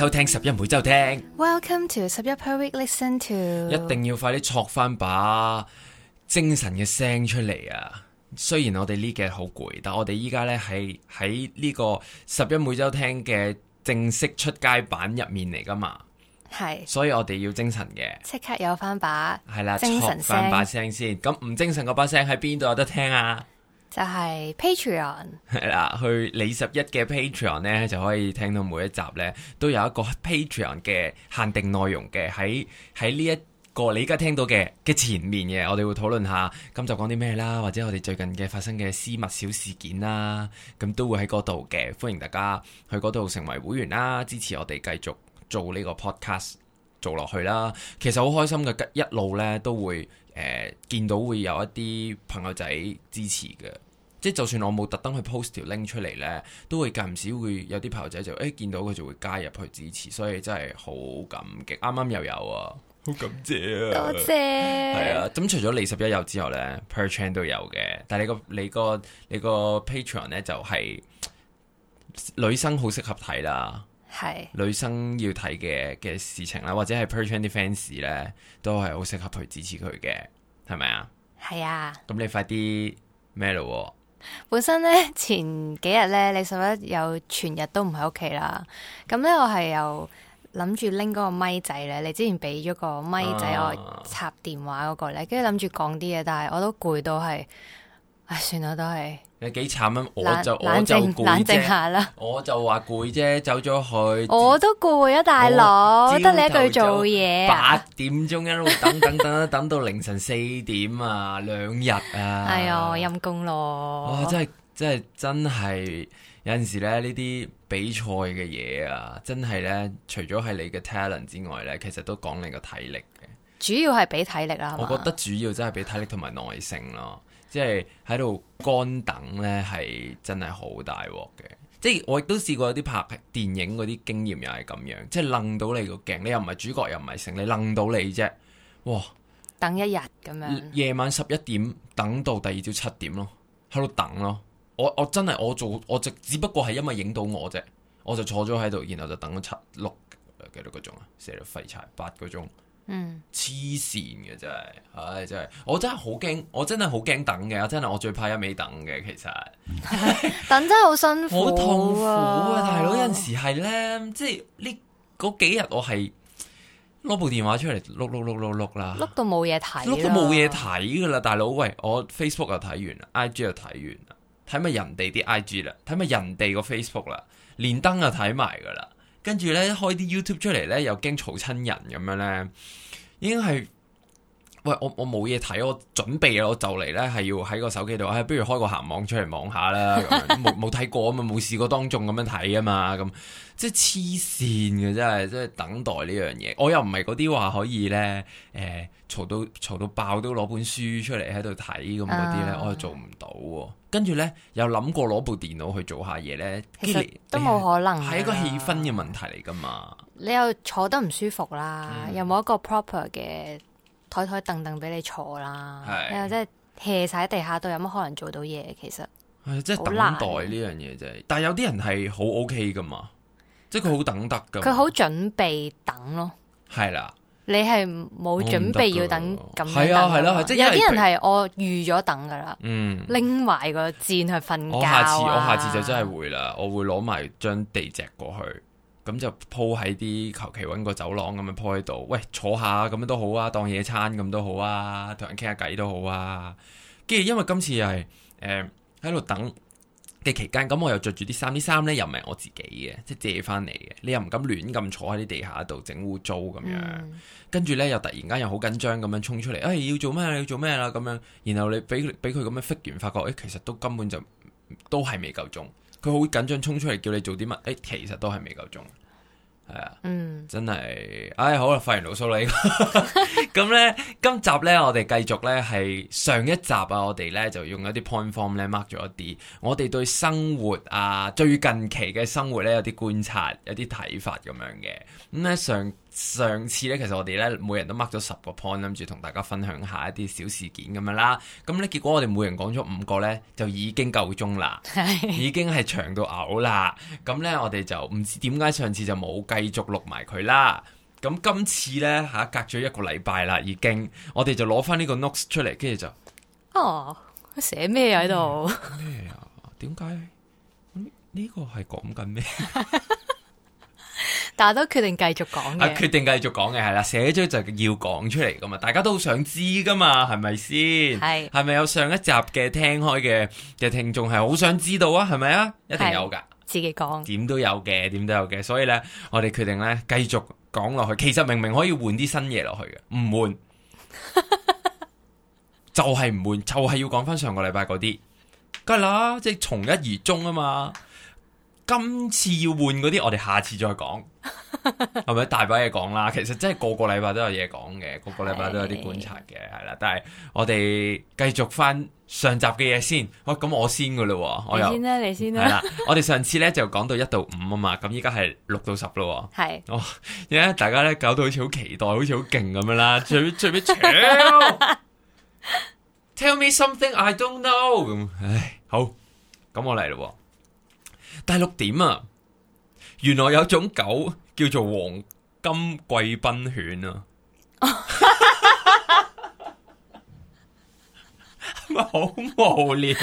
收聽拾壹每周聽，Welcome to 十一 per week listen to。一定要快啲戳翻把精神嘅聲出嚟啊！雖然我哋呢幾日好攰，但我哋依家咧喺喺呢個拾壹每周聽嘅正式出街版入面嚟噶嘛，係是，所以我哋要精神嘅，即刻有翻把係啦，戳翻把聲先。咁唔精神嗰把聲喺邊度有得聽啊？就係 Patreon，係啦， 去李十一嘅 Patreon 呢，就可以聽到每一集呢都有一個 Patreon 嘅限定內容嘅。喺喺呢一個你而家聽到嘅嘅前面嘅，我哋會討論下，今集講啲咩啦，或者我哋最近嘅發生嘅私密小事件啦，咁都會喺嗰度嘅。歡迎大家去嗰度成為會員啦，支持我哋繼續做呢個 Podcast 做落去啦。其實好開心嘅，一路呢都會。誒，見到會有一啲朋友仔支持嘅，即係就算我冇特登去 post 條 link 出嚟，呢，都會間唔少會有啲朋友仔就誒見到佢就會加入去支持，所以真係好感激。啱啱又有啊，好感謝啊，多謝係謝啊。咁除咗你拾壹有之後呢 p e r Chain 都有嘅，但係你，你個你個你個 Patreon 呢，就係女生好適合睇啦。係是女生要睇嘅嘅事情啦，或者係 p r c h a n g 啲 fans 咧，都係好適合去支持佢嘅，係咪啊？係啊。咁你快啲咩咯？呢本身咧前幾日咧，你十一有全日都唔喺屋企啦。咁咧我係有諗住拎嗰個咪仔咧，你之前俾咗個咪仔我插電話嗰個咧，跟住諗住講啲嘢，但係我、哎、都攰到係，唉算啦都係。你幾慘啊！冷我就靜我就攰啫，下我就話攰啫，走咗去。我都攰啊，大佬，我覺得早你一句做嘢，八點鐘一路 等等等等到凌晨四點啊，兩日啊！係啊、哎，陰功咯！哇，真係真係真係有陣時咧，呢啲比賽嘅嘢啊，真係咧，除咗係你嘅 talent 之外咧，其實都講你個體力嘅。主要係俾體力啦。我覺得主要真係俾體力同埋耐性咯。即係喺度乾等呢，係真係好大鑊嘅。即係我亦都試過有啲拍電影嗰啲經驗，又係咁樣。即係擲到你個鏡，你又唔係主角，又唔係成，你擲到你啫。哇！等一日咁樣。夜晚十一點等到第二朝七點咯，喺度等咯。我我真係我做我就只，只不過係因為影到我啫，我就坐咗喺度，然後就等咗七六幾多個鐘啊，嘥咗廢柴八個鐘。嗯，黐線嘅真係，唉真係，我真係好驚，我真係好驚等嘅，我真係我最怕一味等嘅，其實 等真係好辛苦，好痛苦啊， 大佬有陣時係咧，即係呢嗰幾日我係攞部電話出嚟碌碌碌碌碌啦，碌到冇嘢睇，碌到冇嘢睇噶啦，大佬喂，我 Facebook 又睇完啦，IG 又睇完啦，睇咪人哋啲 IG 啦，睇咪人哋個 Facebook 啦，連登又睇埋噶啦。跟住咧，開啲 YouTube 出嚟咧，又驚嘈親人咁樣咧，已經係。喂，我我冇嘢睇，我準備啊，我就嚟咧，係要喺個手機度，哎，不如開個鹹網出嚟望下啦。冇冇睇過啊？試過嘛，冇試過當眾咁樣睇啊？嘛，咁即係黐線嘅，真係即係等待呢樣嘢。我又唔係嗰啲話可以咧，誒、欸、嘈到嘈到爆都攞本書出嚟喺度睇咁嗰啲咧，啊、我又做唔到、啊。跟住咧又諗過攞部電腦去做下嘢咧，其實都冇可能，係一個氣氛嘅問題嚟噶嘛。你又坐得唔舒服啦，又冇、嗯、一個 proper 嘅。台台凳凳俾你坐啦，又真係斜晒喺地下度，有乜可能做到嘢？其實係即係等待呢樣嘢啫。但係有啲人係好 OK 噶嘛，即係佢好等得噶。佢好準備等咯，係啦。你係冇準備要等咁，係啊，係啦、啊啊，即係、就是、有啲人係我預咗等噶啦。嗯，拎埋個箭去瞓覺、啊。我下次我下次就真係會啦，我會攞埋張地席過去。咁就鋪喺啲求其揾個走廊咁樣鋪喺度，喂，坐下咁都好啊，當野餐咁都好啊，同人傾下偈都好啊。跟住、啊、因為今次係誒喺度等嘅期間，咁我又着住啲衫，啲衫呢又唔係我自己嘅，即係借翻嚟嘅。你又唔敢亂咁坐喺啲地下度整污糟咁樣。跟住、嗯、呢，又突然間又好緊張咁樣衝出嚟，誒要做咩？要做咩啦？咁樣。然後你俾俾佢咁樣 fit 完，發覺誒、哎、其實都根本就都係未夠鐘。佢好緊張，衝出嚟叫你做啲乜？誒、哎、其實都係未夠鐘。係啊，真係，唉， 好啦，費完老數啦，咁、嗯、咧， 今集咧我哋繼續咧係上一集啊，我哋咧就用一啲 point form 咧 mark 咗一啲，我哋對生活啊最近期嘅生活咧有啲觀察，有啲睇法咁樣嘅，咁、嗯、咧上。上次咧，其實我哋咧每人都 mark 咗十個 point，諗住同大家分享下一啲小事件咁樣啦。咁、嗯、咧結果我哋每人講咗五個咧，就已經夠鐘啦， 已經係長到嘔啦。咁、嗯、咧我哋就唔知點解上次就冇繼續錄埋佢啦。咁、嗯、今次咧嚇、啊、隔咗一個禮拜啦，已經我哋就攞翻呢個 notes 出嚟，跟住就哦寫咩喺度？咩啊？點解呢個係講緊咩？ 但係都決定繼續講嘅、啊，決定繼續講嘅係啦，寫咗就要講出嚟噶嘛，大家都想知噶嘛，係咪先？係係咪有上一集嘅聽開嘅嘅聽眾係好想知道啊？係咪啊？一定有噶，自己講，點都有嘅，點都有嘅，所以咧，我哋決定咧繼續講落去。其實明明可以換啲新嘢落去嘅，唔換 就係唔換，就係、是、要講翻上個禮拜嗰啲，梗係啦，即係從一而終啊嘛。今次要換嗰啲，我哋下次再講，係咪？ 大把嘢講啦，其實真係個個禮拜都有嘢講嘅，個個禮拜都有啲觀察嘅，係啦。 但係我哋繼續翻上集嘅嘢先。喂，咁我先噶啦，我又，我先啦，你先啦的。 我哋上次咧就講到一到五啊嘛，咁依家係六到十咯。係 的哦，而家大家咧搞到好似好期待，好似好勁咁樣啦。最最尾 tell me something I don't know。咁唉，好，咁我嚟啦。第六點啊，原來有種狗叫做黃金貴賓犬啊，係咪好無聊？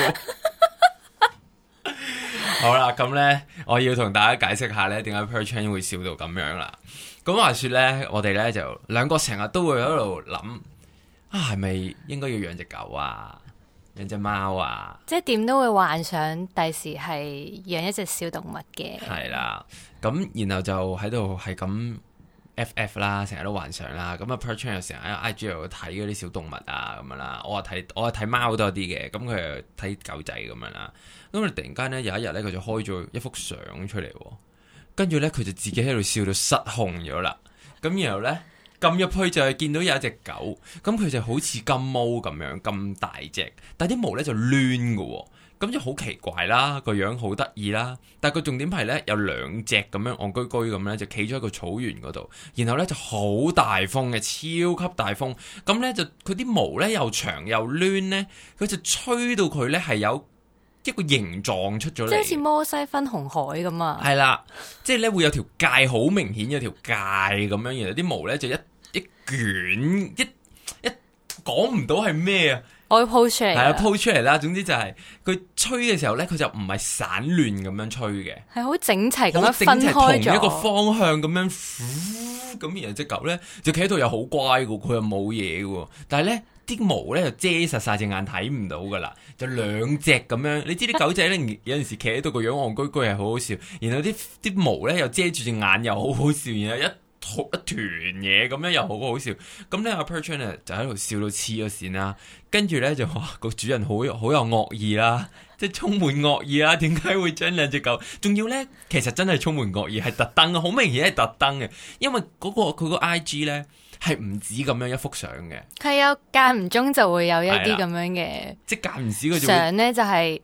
好啦，咁呢，我要同大家解釋下呢點解 Perchian 會笑到咁樣啦？咁話說呢，我哋呢就兩個成日都會喺度諗啊，係咪應該要養隻狗啊？養一隻貓啊，即係點都會幻想第時係養一隻小動物嘅。係啦，咁然後就喺度係咁 ff 啦，成日都幻想啦。咁、嗯、啊，朋友圈成日喺 IG 度睇嗰啲小動物啊，咁樣啦。我啊睇我啊睇貓多啲嘅，咁佢又睇狗仔咁樣啦。咁佢突然間咧有一日咧，佢就開咗一幅相出嚟，跟住咧佢就自己喺度笑到失控咗啦。咁然後咧。 撳入去就係見到有一隻狗，咁佢就好似金毛咁樣咁大隻，但係啲毛呢就攣嘅喎，咁就好奇怪啦，個樣好得意啦。但係個重點係呢，有兩隻咁樣戇居居咁呢，就企咗喺個草原嗰度，然後呢，就好大風嘅，超級大風，咁呢，就佢啲毛呢又長又攣呢，佢就吹到佢呢係有一個形狀出咗嚟，即係好似摩西分紅海咁啊！係啦，即係咧會有條界，好明顯有條界咁樣，然後啲毛咧就一一捲，一一講唔到係咩啊！我鋪出嚟，係啊，鋪出嚟啦！總之就係、是、佢吹嘅時候咧，佢就唔係散亂咁樣吹嘅，係好整齊咁樣分開咗，同一個方向咁樣，咁然後隻狗咧就企喺度又好乖嘅，佢又冇嘢嘅，但係咧。啲毛咧就遮實晒隻眼睇唔到噶啦，就兩隻咁樣。你知啲狗仔咧有陣時企喺度個樣憨居居係好好笑，然後啲啲毛咧又遮住隻眼又好好笑，然後一一團嘢咁樣又好好笑。咁咧阿 Perchana 就喺度笑到黐咗線啦，跟住咧就個主人好好有惡意啦，即係充滿惡意啦。點解會將兩隻狗？仲要咧其實真係充滿惡意，係特登，好明顯係特登嘅，因為嗰、嗰個佢個 IG 咧。係唔止咁樣一幅相嘅，係有間唔中就會有一啲咁樣嘅，即係間唔少佢相咧就係、是、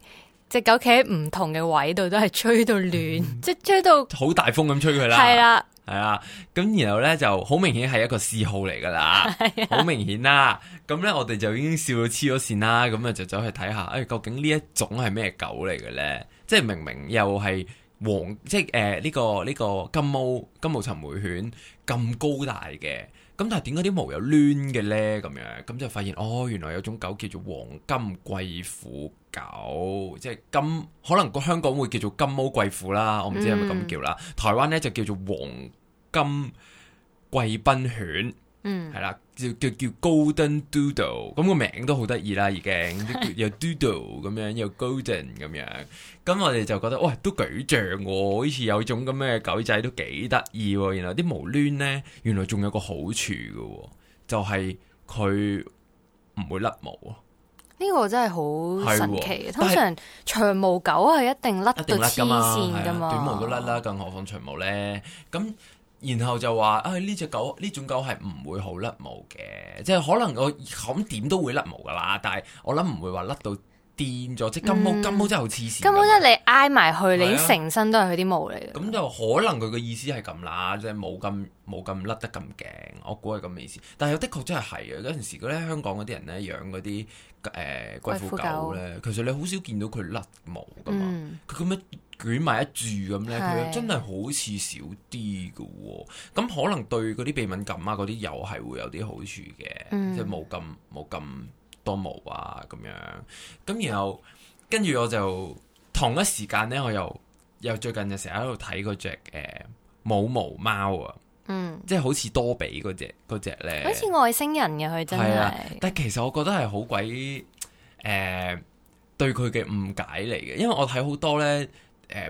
隻狗企喺唔同嘅位度，都係吹到亂，嗯、即係吹到好大風咁吹佢啦，係啦的，係啦，咁然後咧就好明顯係一個嗜好嚟噶啦，好的明顯啦，咁咧我哋就已經笑到黐咗線啦，咁啊就走去睇下，誒，究竟呢一種係咩狗嚟嘅咧？即係明明又係黃，即係誒呢個呢、這個、這個這個、金毛金毛尋回犬咁高大嘅。咁但係點解啲毛又攣嘅呢？咁樣咁就發現哦，原來有種狗叫做黃金貴婦狗，即係金，可能個香港會叫做金毛貴婦啦，我唔知係咪咁叫啦。嗯、台灣呢就叫做黃金貴賓犬。嗯，係啦，叫叫叫 Golden Doodle，咁個名都好得意啦，已經又 Doodle 咁樣，又 Golden 咁樣，咁我哋就覺得，哇，都幾像喎，好似有種咁嘅狗仔都幾得意，原來啲毛攣咧，原來仲有個好處嘅，就係佢唔會甩毛，呢個真係好神奇。了通常是長毛狗係一定甩到黐線噶嘛，短毛都甩啦，更何況長毛咧，咁。然後就話，唉、哎，呢隻狗，呢種狗係唔會好甩毛嘅，即係可能我諗點都會甩毛噶啦，但係我諗唔會話甩到癲咗，即係金毛、嗯、金毛真係好黐線，金毛即係你挨埋去，你成、啊、身都係佢啲毛嚟嘅。咁就可能佢嘅意思係咁啦，即係冇咁冇咁甩得咁勁，我估係咁嘅意思。但係有的確真係係啊。有陣時咧，香港嗰啲人咧，養嗰啲誒貴婦狗咧，狗其實你好少見到佢甩毛噶嘛，佢咁樣。捲埋一住咁咧，佢真係好似少啲噶，咁的可能對嗰啲鼻敏感啊嗰啲又係會有啲好處嘅，嗯、即係冇咁冇咁多毛啊咁樣。咁然後跟住我就同一時間咧，我又又最近就成日喺度睇嗰隻誒冇毛貓啊，嗯，即係好似多比嗰隻嗰隻咧，隻呢好似外星人嘅佢真係。但係其實我覺得係好鬼誒對佢嘅誤解嚟嘅，因為我睇好多咧。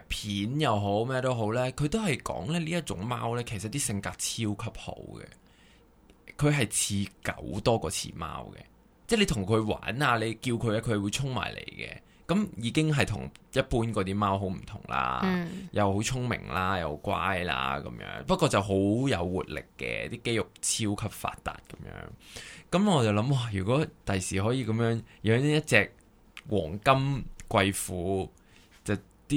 片又好咩都好呢，佢都係講咧呢一種貓呢，其實啲性格超級好嘅，佢係似狗多過似貓嘅，即係你同佢玩啊，你叫佢，佢會衝埋嚟嘅，咁已經係同一般嗰啲貓好唔同啦，嗯、又好聰明啦，又乖啦咁樣，不過就好有活力嘅，啲肌肉超級發達咁樣，咁我就諗，哇，如果第時可以咁樣養一隻黃金貴婦。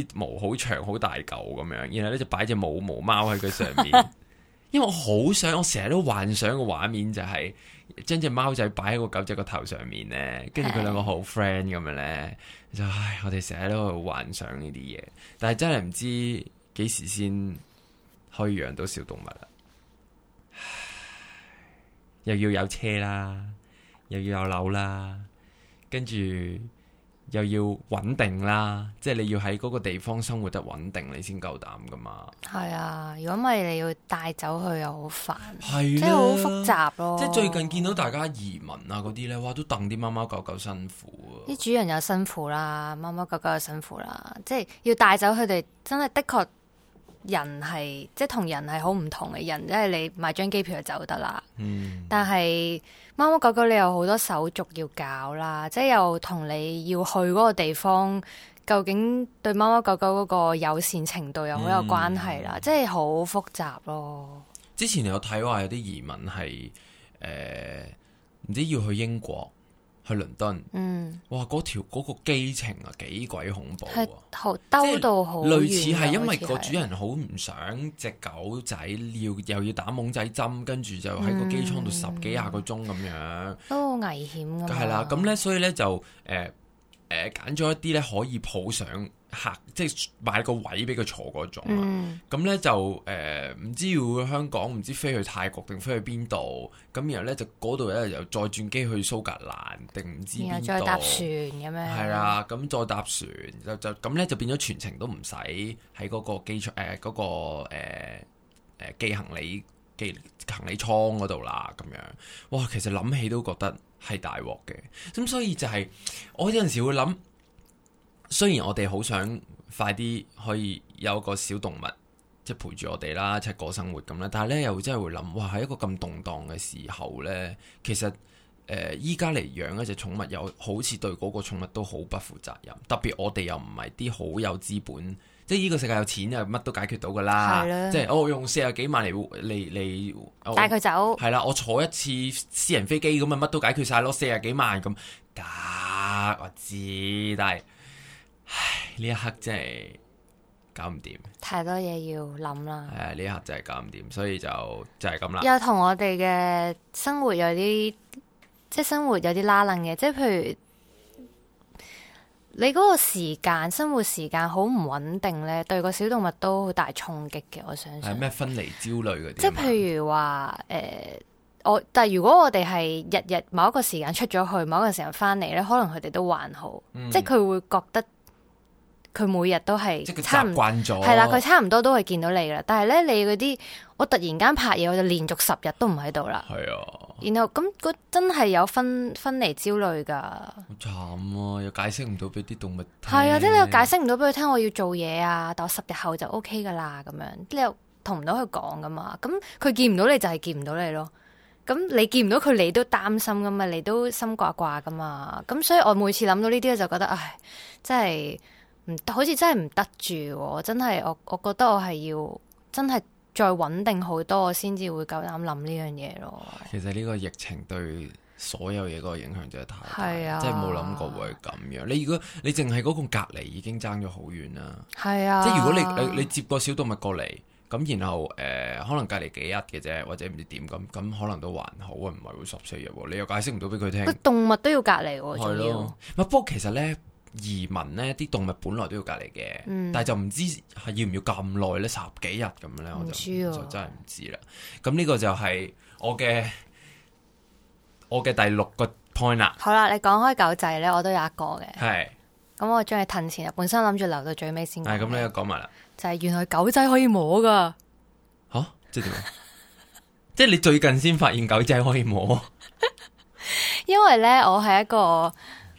啲毛好長好大嚿咁樣，然後咧就擺隻冇毛，毛貓喺佢上面， 因為我好想，我成日都幻想個畫面就係、是、將隻貓仔擺喺個狗仔個頭上面咧，跟住佢兩個好 friend 咁 樣咧，就唉，我哋成日都幻想呢啲嘢，但係真係唔知幾時先可以養到小動物啊，又要有車啦，又要有樓啦，跟住。又要穩定啦，即係你要喺嗰個地方生活得穩定，你先夠膽噶嘛。係啊，如果唔係你要帶走佢又好煩，啊、即係好複雜咯。即係最近見到大家移民啊嗰啲咧，哇都等啲貓貓狗狗辛苦啊！啲主人又辛苦啦，貓貓狗狗又辛苦啦，即係要帶走佢哋，真係的確。人係即係同人係好唔同嘅人，即係你買張機票就走得啦。嗯、但係貓貓狗狗你有好多手續要搞啦，即係又同你要去嗰個地方，究竟對貓貓狗狗嗰個友善程度有好有關係啦，嗯、即係好複雜咯。之前有睇話有啲移民係誒唔知要去英國。去倫敦，嗯，哇，嗰條嗰、嗰個機程啊，幾鬼恐怖啊，兜到好、啊，類似係因為個主人好唔想隻狗仔尿，又要打懵仔針，跟住就喺個機艙度十幾廿個鐘咁樣，都好危險㗎、啊。係啦，咁咧，所以咧就誒誒揀咗一啲咧可以抱上。客即係買個位俾佢坐嗰種，咁呢、嗯、就誒唔、呃、知要去香港，唔知飛去泰國定飛去邊度，咁然後呢，就嗰度呢又再轉機去蘇格蘭定唔知邊度，然後再搭船咁樣，係啦的，咁、嗯、再搭船就就咁呢就變咗全程都唔使喺嗰個機倉誒個誒誒寄行李寄行李倉嗰度啦，咁樣哇，其實諗起都覺得係大鑊嘅，咁所以就係、是、我有陣時會諗。雖然我哋好想快啲可以有一個小動物，即係陪住我哋啦，即係過生活咁啦，但係呢又真係會諗，哇！喺一個咁動盪嘅時候呢，其實誒依家嚟養一隻寵物，又好似對嗰個寵物都好不負責任。特別我哋又唔係啲好有資本，即係呢個世界有錢又乜都解決到噶啦，啦即係、哦、我用四十幾萬嚟嚟嚟帶佢走，係、哦、啦，我坐一次私人飛機咁啊，乜都解決晒咯，四十幾萬咁，得我知，但係。唉，呢一刻真係搞唔掂，太多嘢要諗啦。唉，呢一刻真係搞唔掂，所以就就係咁啦。又同我哋嘅生活有啲，即係生活有啲拉楞嘅，即係譬如你嗰個時間，生活時間好唔穩定咧，對個小動物都好大衝擊嘅。我想係咩分離焦慮嗰啲？即係譬如話，誒、呃，我但係如果我哋係日日某一個時間出咗去，某一個時間翻嚟咧，可能佢哋都還好，嗯、即係佢會覺得。佢每日都係，即係佢習慣咗，係啦，佢差唔多都係見到你噶啦。但係咧，你嗰啲我突然間拍嘢，我就連續十日都唔喺度啦。係啊，啊然後咁，佢真係有分分離焦慮噶。好慘啊！又解釋唔到俾啲動物。係啊，即係你又解釋唔到俾佢聽，我要做嘢啊！但我十日後就 OK 噶啦，咁樣你又同唔到佢講噶嘛？咁佢見唔到你就係見唔到你咯。咁你見唔到佢，你都擔心噶嘛？你都心掛掛噶嘛？咁所以我每次諗到呢啲咧，就覺得唉，真係～好似真係唔得住，真係我，我覺得我係要真係再穩定好多，我先至會夠膽諗呢樣嘢咯。其實呢個疫情對所有嘢個影響真係太大，即係冇諗過會咁樣。你如果你淨係嗰個隔離已經爭咗好遠啦，係是啊，即係如果你你你接個小動物過嚟，咁然後誒、呃，可能隔離幾日嘅啫，或者唔知點咁咁，可能都還好，唔係會十四日，你又解釋唔到俾佢聽。個動物都要隔離，仲係了，不過其實咧。移民呢啲動物本來都要隔離嘅，嗯、但係就唔知係要唔要咁耐咧，十幾日咁樣咧，我就，唔知、啊、就真係唔知啦。咁呢個就係我嘅我嘅第六個 point 啦。好啦，你講開狗仔咧，我都有一個嘅。係是。咁我將你褪前，本身諗住留到最尾先。係，咁你又講埋啦。就係原來狗仔可以摸㗎。吓？即係點啊？即係 你最近先發現狗仔可以摸？ 因為咧，我係一個。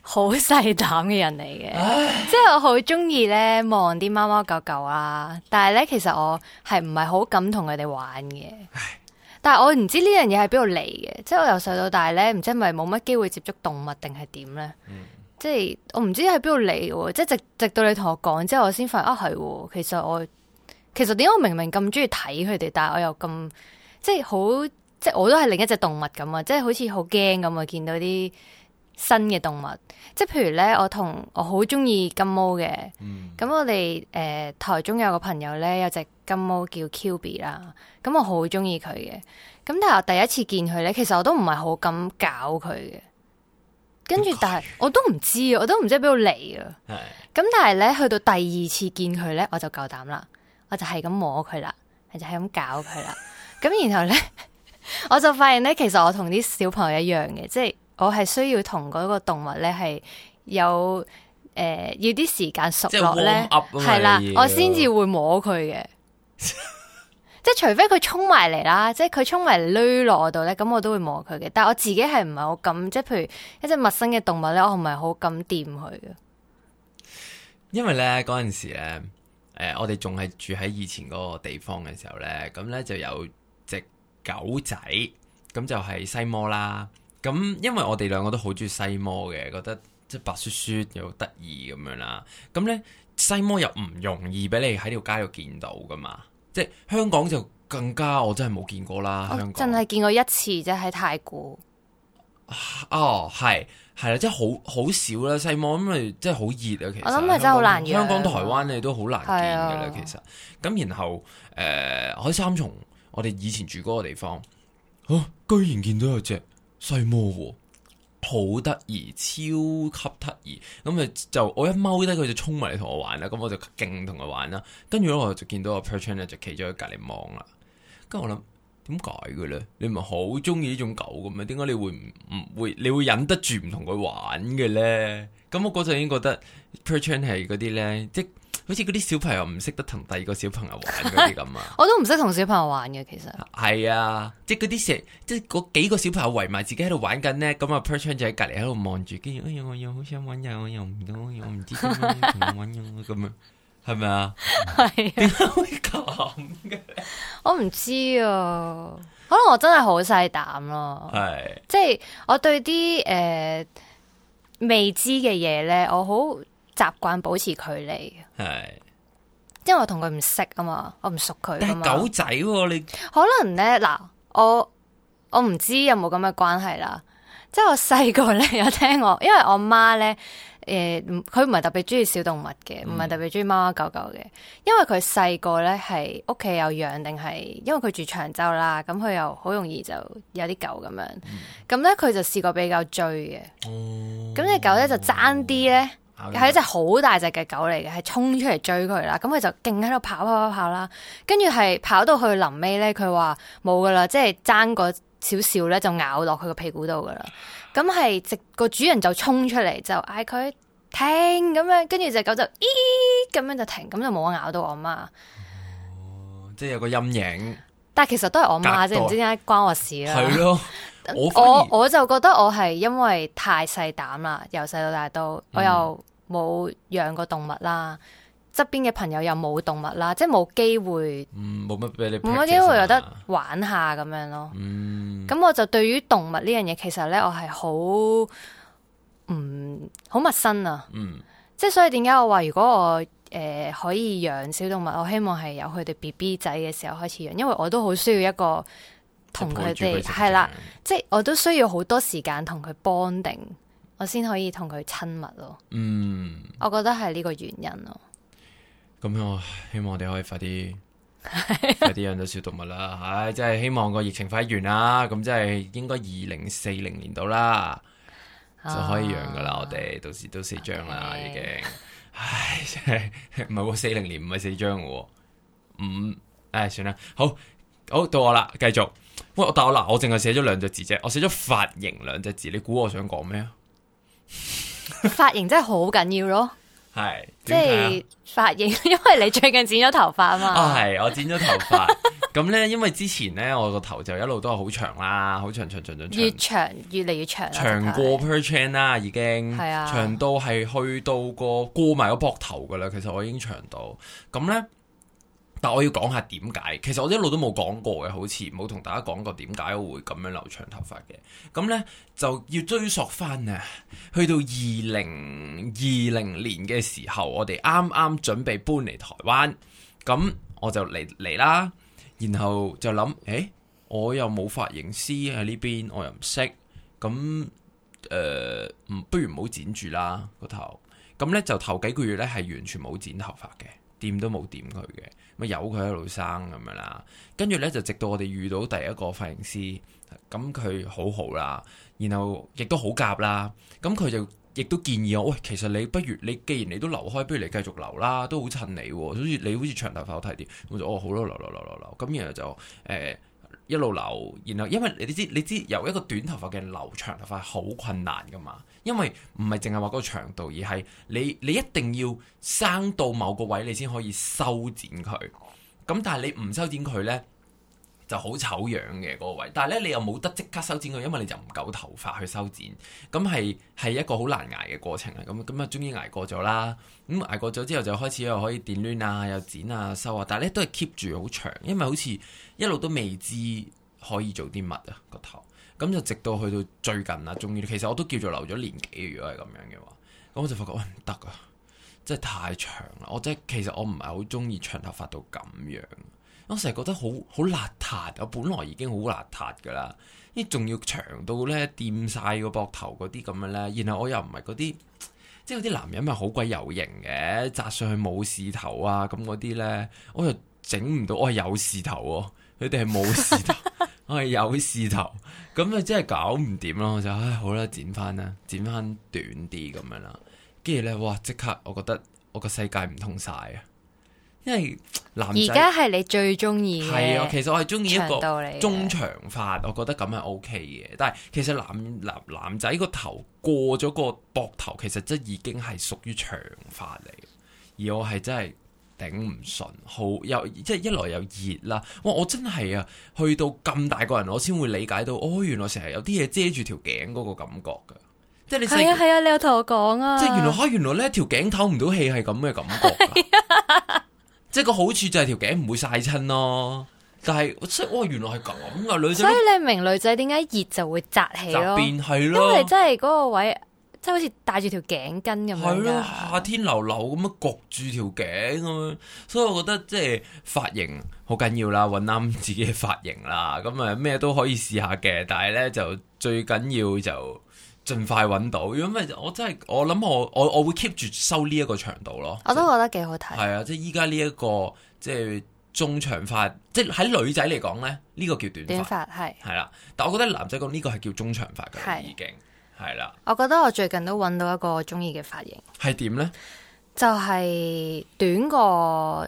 好細膽嘅人嚟嘅，即係我好中意咧望啲貓貓狗狗啊！但係咧，其實我係唔係好敢同佢哋玩嘅。但係我唔知呢樣嘢係邊度嚟嘅，即係我由細到大咧，唔知係咪冇乜機會接觸動物定係點咧？即係我唔知喺邊度嚟嘅。即係直直到你同我講之後，我先發現啊，係其實我其實點解我明明咁中意睇佢哋，但係我又咁即係好即係我都係另一隻動物咁啊！即係好似好驚咁啊，見到啲。新嘅動物，即係譬如咧，我同我好中意金毛嘅，咁、嗯、我哋誒、呃、台中有個朋友咧，有隻金毛叫 Kobe 啦，咁我好中意佢嘅，咁但係我第一次見佢咧，其實我都唔係好敢搞佢嘅，跟住但係我都唔知，我都唔知喺邊度嚟嘅。咁、嗯、但係咧去到第二次見佢咧，我就夠膽啦，我就係咁摸佢啦，就係咁搞佢啦，咁 然後咧 我就發現咧，其實我同啲小朋友一樣嘅，即係。我係需要同嗰個動物咧，係有誒、呃、要啲時間熟落咧，係啦呢，我先至會摸佢嘅。 即係除非佢衝埋嚟啦，即係佢衝埋嚟落我度咧，咁我都會摸佢嘅。但係我自己係唔係好敢，即係譬如一隻陌生嘅動物咧，我唔係好敢掂佢嘅。因為咧嗰陣時咧，誒、呃、我哋仲係住喺以前嗰個地方嘅時候咧，咁咧就有隻狗仔，咁就係西摩啦。咁、嗯，因為我哋兩個都好中意西摩嘅，覺得即係白雪雪又好得意咁樣啦。咁、嗯、咧，西摩又唔容易俾你喺條街度見到噶嘛。即係香港就更加，我真係冇見過啦。哦、香港真係見過一次，即喺太古。哦，係係啦，即係好好少啦，西摩咁咪即係好熱啊！其實我諗係香港真係好難、啊，香港、台灣你都好難見嘅啦。其實咁、啊嗯，然後誒，喺、呃、三重，我哋以前住嗰個地方，吓、啊、居然見到有隻。細魔喎、哦，好得意，超級得意，咁啊就我一踎低佢就衝埋嚟同我玩啦，咁、嗯、我就勁同佢玩啦，跟住咧我就見到阿 perchian 咧就企咗喺隔籬望啦，跟住我諗點解嘅咧？你唔係好中意呢種狗嘅咩？點解你會唔會你會忍得住唔同佢玩嘅咧？咁、嗯、我嗰陣已經覺得 perchian 係嗰啲咧，即好似嗰啲小朋友唔識得同第二個小朋友玩嗰啲咁啊！我都唔識同小朋友玩嘅，其實係啊，即係嗰啲成，即係嗰幾個小朋友圍埋自己喺度玩緊咧，咁啊，pro 窗就喺隔籬喺度望住，跟住哎呀，我又好想玩又我又唔到，我唔知點樣同人玩嘅咁樣係咪啊？係點解會咁嘅？我唔知啊，可能我真係好細膽咯，係是即係我對啲誒、呃、未知嘅嘢咧，我好。習慣保持距離，係的，因為我同佢唔識啊嘛，我唔熟佢。但係狗仔，啊，你可能咧，嗱，我我唔知有冇咁嘅關係啦。即係我細個咧有聽我，因為我媽咧，誒、呃，佢唔係特別中意小動物嘅，唔係特別中意貓貓狗狗嘅。因為佢細個咧係屋企有養，定係因為佢住長洲啦，咁佢又好容易就有啲狗咁樣。咁咧佢就試過比較追嘅，咁隻、嗯、狗咧就爭啲咧。係一隻好大隻嘅狗嚟嘅，係衝出嚟追佢啦。咁佢就勁喺度跑跑跑跑啦，跟住係跑到去臨尾咧，佢話冇噶啦，即係爭過少少咧，就咬落佢個屁股度噶啦。咁係直個主人就衝出嚟就嗌佢停咁樣，跟住隻狗就咦咁樣就停，咁就冇咬到我媽。哦、嗯，即係有個陰影，但係其實都係我媽，即係唔知點解關我事啦。係咯，我我我就覺得我係因為太細膽啦，由細到大都，我又。嗯冇養過動物啦，側邊嘅朋友又冇動物啦，即係冇機會。冇乜俾你。唔，我只係有得玩下咁樣咯。嗯，咁我就對於動物呢樣嘢，其實呢，我係好唔好陌生啊。嗯、即係所以點解我話如果我誒、呃、可以養小動物，我希望係由佢哋 B B 仔嘅時候開始養，因為我都好需要一個同佢哋係啦，即係我都需要好多時間同佢 bonding。我先可以同佢親密咯。嗯，我覺得係呢個原因咯。咁我、嗯嗯、希望我哋可以快啲， 快啲養到小動物啦。唉，真係希望個疫情快完啦。咁即係應該二零四零年度啦，啊、就可以養噶啦。我哋到時都四張啦，已經、啊 okay. 啊嗯。唉，真係，唔係喎，四零年唔係四張嘅喎，嗯唉，算啦。好，好，到我啦。繼續。喂，但我嗱，我淨係寫咗兩隻兩隻字啫。我寫咗髮型兩隻字，你估我想講咩啊？髮 型真係好緊要咯，係即係髮型，因為你最近剪咗頭髮啊嘛，係、啊、我剪咗頭髮，咁 呢，因為之前呢，我個頭就一路都係好長啦，好長長，長長長長，越長越嚟越長，越越長，長過 per chain 啦，已經係啊，的長到係去到個過埋個膊頭噶啦，其實我已經長到咁呢。但我要講下點解，其實我一路都冇講過嘅，好似冇同大家講過點解我會咁樣留長頭髮嘅。咁呢，就要追溯翻啊，去到二零二零年嘅時候，我哋啱啱準備搬嚟台灣，咁我就嚟嚟啦，然後就諗，誒、欸、我又冇髮型師喺呢邊，我又唔識，咁誒唔不如唔好剪住啦個頭。咁呢，就頭幾個月呢係完全冇剪頭髮嘅。掂都冇掂佢嘅，咪由佢一路生咁樣啦。跟住呢，就直到我哋遇到第一個髮型師，咁佢好好啦，然後亦都好夾啦。咁佢就亦都建議我，喂，其實你不如你既然你都留開，不如你繼續留啦，都好襯你喎，啊你好哦，好似你好似長頭髮好睇啲。我就哦好咯，留留留留咁然後就誒。呃一路留，然後因為你知你知由一個短頭髮嘅留長頭髮好困難㗎嘛，因為唔係淨係話嗰個長度，而係你你一定要生到某個位，你先可以修剪佢。咁但係你唔修剪佢呢？就好醜樣嘅嗰、嗰個位，但係咧你又冇得即刻修剪佢，因為你就唔夠頭髮去修剪，咁係係一個好難捱嘅過程啊！咁咁啊，終於捱過咗啦。咁、嗯、捱過咗之後就開始又可以電攣啊，又剪啊，修啊，但係咧都係 keep 住好長，因為好似一路都未知可以做啲乜啊個頭。咁就直到去到最近啦，終於其實我都叫做留咗年幾，如果係咁樣嘅話，咁我就發覺我唔得啊，即係太長啦！我即係其實我唔係好中意長頭髮到咁樣。我成日覺得好好邋遢，我本來已經好邋遢噶啦，依仲要長到咧掂曬個膊頭嗰啲咁樣咧，然後我又唔係嗰啲，即係嗰啲男人咪好鬼有型嘅，紮上去冇視頭啊咁嗰啲咧，我又整唔到，我、哎、係有視頭喎、啊，佢哋係冇視頭， 我係有視頭，咁咪真係搞唔掂咯，我就唉、哎、好啦，剪翻啦，剪翻短啲咁樣啦，跟住咧哇即刻我覺得我個世界唔同晒。啊！因為男而家係你最中意嘅，係啊，其實我係中意一個中長髮，長，我覺得咁係 OK 嘅。但係其實男，男仔個頭過咗個膊頭，其實即係已經係屬於長髮嚟，而我係真係頂唔順，好又即係一來又熱啦。哇，我真係啊，去到咁大個人，我先會理解到，哦，原來成日有啲嘢，遮住條頸嗰個感覺嘅，即係你係啊係啊，你有同我講啊，即係原來吓、啊，原來呢條頸透唔到氣係咁嘅感覺。 即係個好處就係條頸唔會曬親咯，但係即係哦，原來係咁噶，女仔。所以你明女仔點解熱就會紮起咯？係咯，因為真係嗰個位，即係好似戴住條頸巾咁樣。係咯，夏天流流咁樣焗住條頸咁樣，所以我覺得即係髮型好緊要啦，搵啱自己嘅髮型啦，咁啊咩都可以試下嘅，但係咧就最緊要就是。盡快揾到，因為我真係我諗我我我會 keep 住收呢一個長度咯。我都覺得幾好睇。係啊，即係依家呢一個即係中長髮，即係喺女仔嚟講咧，呢個叫短髮。短髮係。係啦，但我覺得男仔講呢個係叫中長髮㗎，已經係啦。我覺得我最近都揾到一個中意嘅髮型，係點咧？就係短過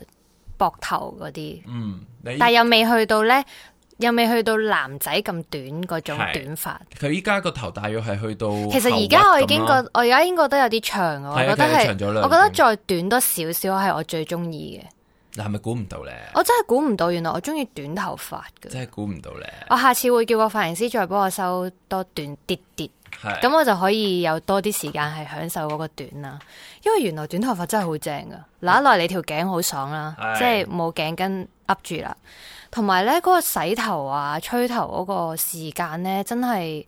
膊頭嗰啲，嗯，但係又未去到咧。又未去到男仔咁短嗰種短髮，佢依家個頭大約係去到，其實而家我已經覺得，我而家應該都有啲長，我覺得係，我覺得再短多少少係我最中意嘅。嗱，係咪估唔到呢？我真係估唔到，原來我中意短頭髮嘅。真係估唔到呢！我下次會叫個髮型師再幫我收多短啲啲，咁是我就可以有多啲時間係享受嗰個短啦。因為原來短頭髮真係好正噶，嗱，一來你條頸好爽啦，即係冇頸巾握住啦。是同埋咧，嗰個洗頭啊、吹頭嗰個時間咧，真係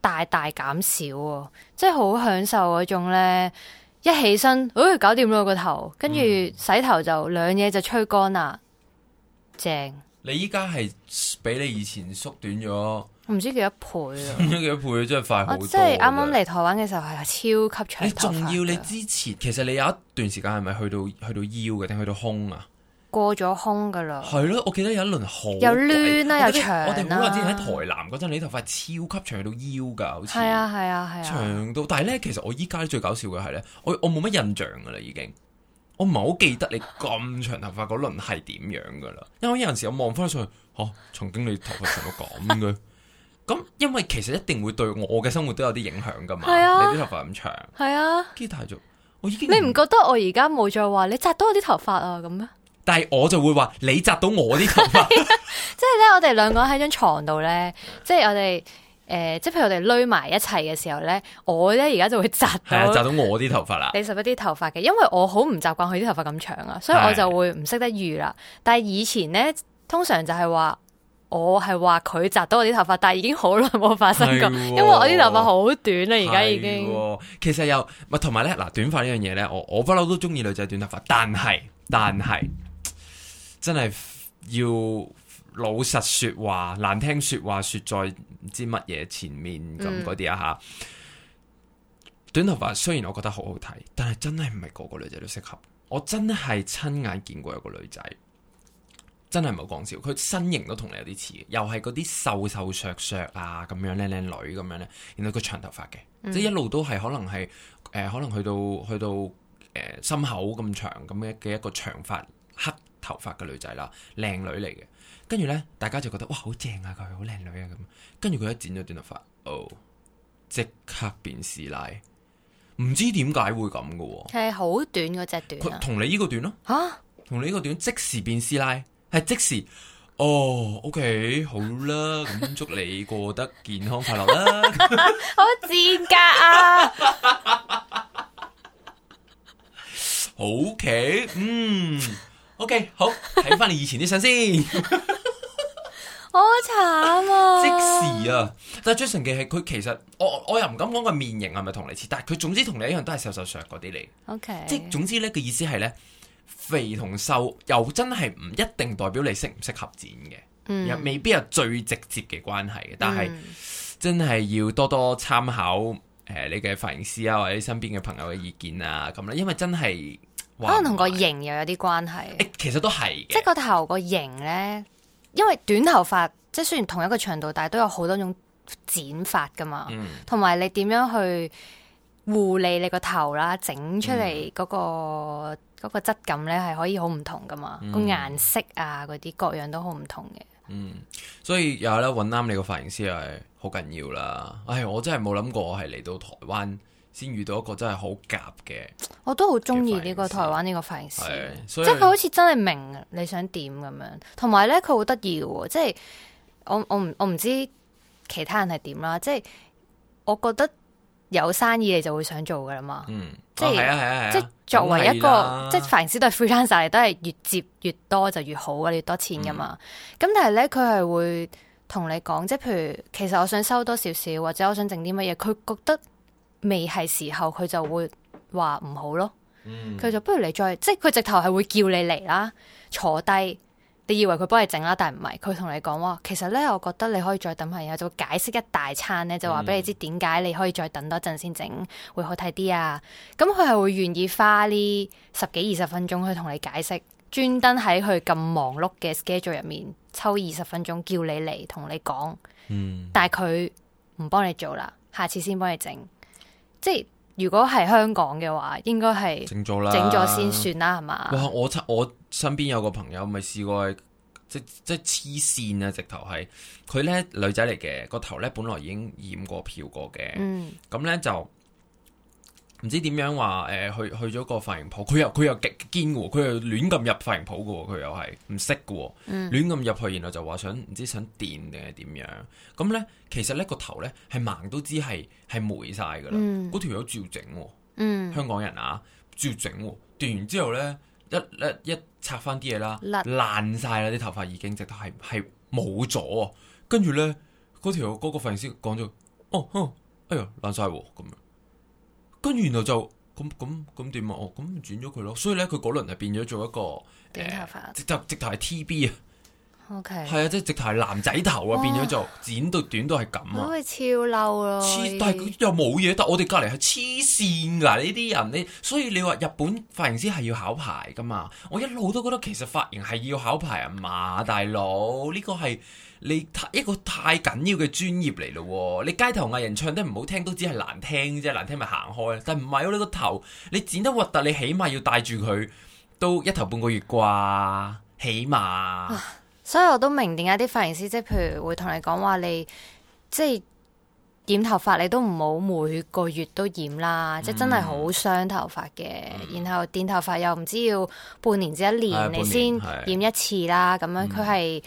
大大減少啊，即係好享受嗰種咧。一起身，哎，搞掂啦個頭，跟住洗頭就兩嘢、嗯、就吹乾啦，正。你依家係比你以前縮短咗，唔知幾多倍、啊、 幾多倍，唔知幾多倍，真係快好多。我即係啱啱嚟台灣嘅時候係超級長，你仲要你之前其實你有一段時間係咪去到去到腰嘅定去到胸啊？過咗空噶啦，係咯，我記得有一輪好又亂啦，又長。我哋好耐之前喺台南嗰陣，你頭髮超級長到腰噶，好似係啊係啊係啊，長到、啊。啊、但係咧，其實我依家最搞笑嘅係咧，我我冇乜印象噶啦，已經我唔係好記得你咁長頭髮嗰輪係點樣噶啦。因為有陣時我望翻上去，哦、啊，曾經你頭髮成個咁嘅，咁 因為其實一定會對我嘅生活都有啲影響噶嘛。啊、你啲頭髮咁長，係啊，但係就，我已經你唔覺得我而家冇再話你紮多啲頭髮啊咁咩？但係我就會話你扎到我啲頭髮 即係咧，我哋兩個喺張床度咧，即係我哋誒，即係譬如我哋攏埋一齊嘅時候咧，我咧而家就會扎到扎到我啲頭髮啦，你拾壹啲頭髮嘅，因為我好唔習慣佢啲頭髮咁長啊，所以我就會唔識得預啦。但係以前咧，通常就係話我係話佢扎到我啲頭髮，但係已經好耐冇發生過，因為我啲頭髮好短啦，而家已經。 其實又同埋咧，嗱，短髮呢樣嘢咧，我我不嬲都中意女仔短頭髮，但係但係。真係要老實說話，難聽說話，說在唔知乜嘢前面咁嗰啲啊吓！嗯、短頭髮雖然我覺得好好睇，但係真係唔係個個女仔都適合。我真係親眼見過一個女仔，真係唔好講笑，佢身形都同你有啲似，又係嗰啲瘦瘦削削啊咁樣靚靚女咁樣呢。然後佢長頭髮嘅，嗯、即一路都係可能係誒、呃，可能去到去到誒、呃，心口咁長咁嘅嘅一個長髮黑頭髮嘅女仔啦，靚女嚟嘅，跟住咧，大家就覺得哇，好正啊佢，好靚女啊咁，跟住佢一剪咗短頭髮，哦，即刻變師奶，唔知點解會咁嘅、啊，就係好短嗰隻短，同你呢個短咯，吓，同你呢個短即時變師奶，係即時，哦，OK，好啦，咁 祝你過得健康快樂啦， 好賤格啊 ，OK，嗯。O、okay, K，好睇翻你以前啲相先，好慘啊！即時啊，但係 Jason 係佢其實我我又唔敢講個面型係咪同你似，但係佢總之同你一樣都係瘦瘦削嗰啲嚟。O Okay . K，即係總之呢個意思係呢，肥同瘦又真係唔一定代表你適唔適合剪嘅，嗯、又未必係最直接嘅關係嘅。但係真係要多多參考誒、呃，你嘅髮型師啊，或者身邊嘅朋友嘅意見啊，咁咧，因為真係。可能同個型又有啲關係，其實都係，即係個頭個型呢，因為短頭髮，即係雖然同一個長度，但係都有好多種剪法噶嘛，同埋、嗯、你點樣去護理你頭、個頭啦，整出嚟嗰個嗰個質感呢，係可以好唔同噶嘛，個顏、嗯、色啊嗰啲各樣都好唔同嘅。嗯，所以又係咧搵，啱你個髮型師係好緊要啦。唉，我真係冇諗過我係嚟到台灣，先遇到一個真係好夾嘅，我都好中意呢個台灣呢個髮型師即係佢好似真係明你想點咁樣，同埋咧佢好得意喎，即係我我唔我唔知其他人係點啦，即係我覺得有生意你就會想做嘅啦嘛，嗯、即係即係作為一個即係髮型師 freelance 都係越接越多就越好啊，你越多錢嘅嘛，咁、嗯、但係咧佢係會同你講，即係譬如其實我想收多少少，或者我想整啲乜嘢，佢覺得，未係時候，佢就會話唔好咯。佢、嗯、就不如你再，即係佢直頭係會叫你嚟啦，坐低。你以為佢幫你整啦，但係唔係。佢同你講，哇，其實呢，我覺得你可以再等下，有就解釋一大餐呢，就話俾你知點解你可以再等多陣先整會好睇啲啊。咁佢係會願意花呢十幾二十分鐘去同你解釋，專登喺佢咁忙碌嘅 schedule 入面抽二十分鐘叫你嚟同你講。嗯、但係佢唔幫你做啦，下次先幫你整。即係如果係香港嘅話，應該係整咗啦，整咗先算啦，係嘛？哇！我我身邊有個朋友咪試過係即即黐線啊，直頭係佢咧女仔嚟嘅，個頭咧本來已經染過漂過嘅，嗯，咁咧就。唔知點樣話誒、呃、去去咗個髮型鋪，佢又佢又極堅嘅喎，佢又亂咁入髮型鋪嘅喎，佢又係唔識嘅喎，亂咁入去，然後就話想唔知想電定係點樣咁咧？其實咧個頭咧係盲都知係係黴曬嘅啦，嗰、嗯、條友照整喎，嗯、香港人啊照整，斷完之後咧一一一拆翻啲嘢啦，爛晒啦，啲頭髮已經直頭係係冇咗，跟住咧嗰條嗰、嗰個髮型、嗰個、師講咗：哦哼，哎唷爛曬咁樣。跟住原來就咁咁咁點啊？哦，咁轉咗佢咯。所以咧，佢嗰輪係變咗做一個頭、呃、直頭直頭係 T B 啊 Okay.、嗯。O K，係啊，即係直頭係男仔頭啊，變咗做剪到短到係咁啊！超嬲咯！但係佢又冇嘢，得。我哋隔離係黐線㗎呢啲人，你所以你話日本髮型師係要考牌㗎嘛？我一路都覺得其實髮型係要考牌啊，馬大佬呢、呢個係。你一個太緊要嘅專業嚟咯喎！你街頭藝人唱得唔好聽都只係難聽啫，難聽咪行開。但唔係喎，你個頭你剪得核突，你起碼要戴住佢都一頭半個月啩，起碼、啊。所以我都明點解啲髮型師即係譬如會同你講話，你即係染頭髮你都唔好每個月都染啦，嗯、即係真係好傷頭髮嘅。嗯、然後剪頭髮又唔知要半年至一年，哎、年你先染一次啦，咁樣佢係。嗯。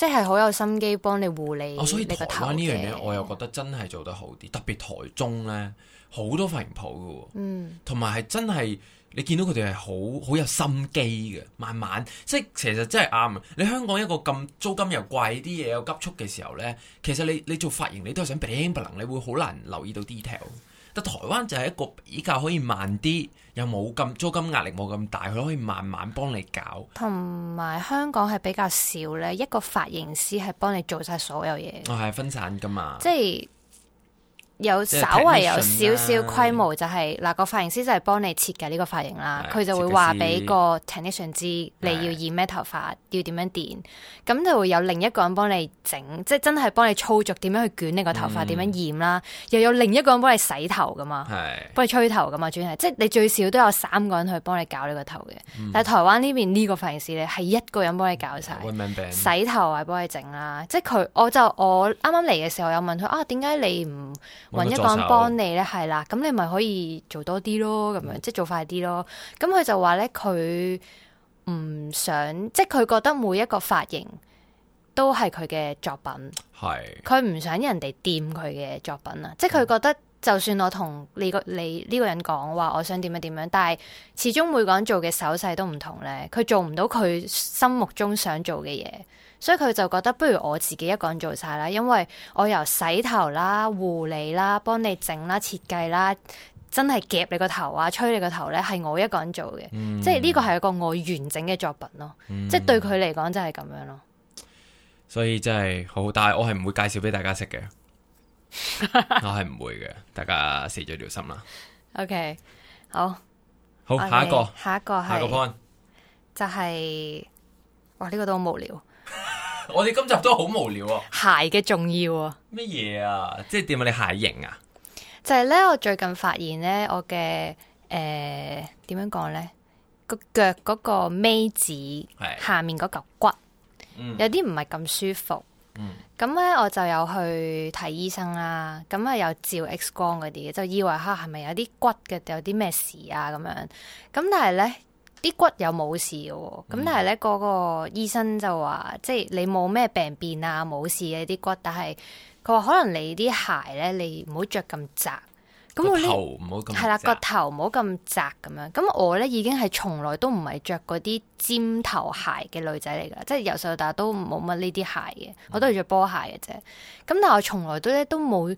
即係好有心機幫你護理哦，所以台灣呢樣嘢我又覺得真係做得好啲，特別台中咧好多髮型鋪嘅，同埋係真係你見到佢哋係好好有心機嘅，慢慢即係其實真係啱。你香港一個咁租金又貴，啲嘢又急促嘅時候咧，其實你你做髮型你都係想並不能，你會好難留意到 detail。但台灣就係一個比較可以慢啲，又冇咁租金壓力冇咁大，佢可以慢慢幫你搞。同埋香港係比較少呢一個髮型師係幫你做晒所有嘢。哦，係分散㗎嘛。即係。有稍為有少少，少規模就係嗱，個髮型師就係幫你設計呢個髮型啦，佢對就會話俾個 technician 知你要染咩頭髮，對要點樣電，咁就會有另一個人幫你整，即係真係幫你操作點樣去捲你個頭髮，點、嗯、樣染啦，又有另一個人幫你洗頭噶嘛，對幫你吹頭噶嘛，主要係即係你最少都有三個人去幫你搞呢個頭嘅。對但係台灣呢邊呢個髮型師咧係一個人幫你搞晒，嗯、洗頭啊幫你整啦 One man.，即係佢我就我啱啱嚟嘅時候有問佢啊點解、啊、你唔？揾一個人幫你咧，係啦，咁你咪可以做多啲咯，咁樣、嗯、即係做快啲咯。咁佢就話咧，佢唔想，即係佢覺得每一個髮型都係佢嘅作品。係。佢唔想人哋掂佢嘅作品啊！嗯、即係佢覺得，就算我同你個你呢個人講話，我想點樣點樣，但係始終每個人做嘅手勢都唔同咧，佢做唔到佢心目中想做嘅嘢。所以佢就覺得不如我自己一個人做晒啦，因為我由洗頭啦、護理啦、幫你整啦、設計啦，真係夾你個頭啊、吹你個頭呢，係我一個人做嘅，嗯、即係呢個係一個我完整嘅作品咯，嗯、即係對佢嚟講就係咁樣咯。所以真係好，但係我係唔會介紹俾大家識嘅， 我係唔會嘅，大家死咗條心啦。 OK，好，好 okay，下一個，okay，下一個下一個 point，就係、是、哇呢、呢個都好無聊。 我哋今集都好無聊啊！鞋嘅重要啊？咩嘢啊？即係點解你鞋型啊？就係咧，我最近發現咧，我嘅誒點樣講咧？個腳嗰個尾趾下面嗰嚿骨，的有啲唔係咁舒服。咁咧、嗯，我就有去睇醫生啦。咁啊，有照 X 光嗰啲嘅，就以為吓係咪有啲骨嘅，有啲咩事啊？咁樣咁，但係咧。啲骨又冇事嘅，咁但係咧嗰個醫生就話，嗯，即係你冇咩病變啊，冇事嘅啲骨。但係佢話可能你啲鞋咧，你唔好着咁窄。咁我，我呢，係啦，個頭唔好咁窄咁樣。咁我咧已經係從來都唔係着嗰啲尖頭鞋嘅女仔嚟噶，即係由細到大都冇乜呢啲鞋嘅，我都係着波鞋嘅啫。咁但係我從來都咧都冇，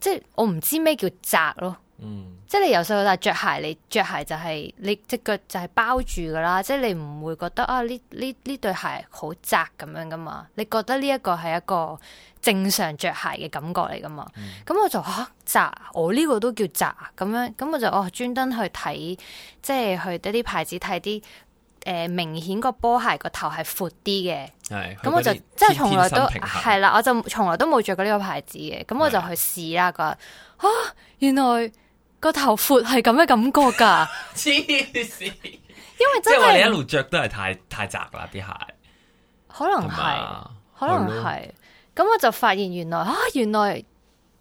即係我唔知咩叫窄咯。嗯，即係你由細到大着鞋，你着鞋就係、是、你隻腳就係包住噶啦，即係你唔會覺得啊，呢呢呢對鞋好窄咁樣噶嘛？你覺得呢一個係一個正常着鞋嘅感覺嚟噶嘛？咁、嗯、我就吓、啊、窄，我呢個都叫窄咁樣，咁我就哦專登去睇，即係去一啲牌子睇啲誒明顯個波鞋個頭係闊啲嘅，係咁我就即係從來都係啦，我就從來都冇着過呢個牌子嘅，咁我就去試啦個，的啊原來。原來個頭闊係咁嘅感覺噶，黐線， 因為真係你一路着都係太太窄啦啲鞋，可能係，可能係，咁我就發現原來啊，原來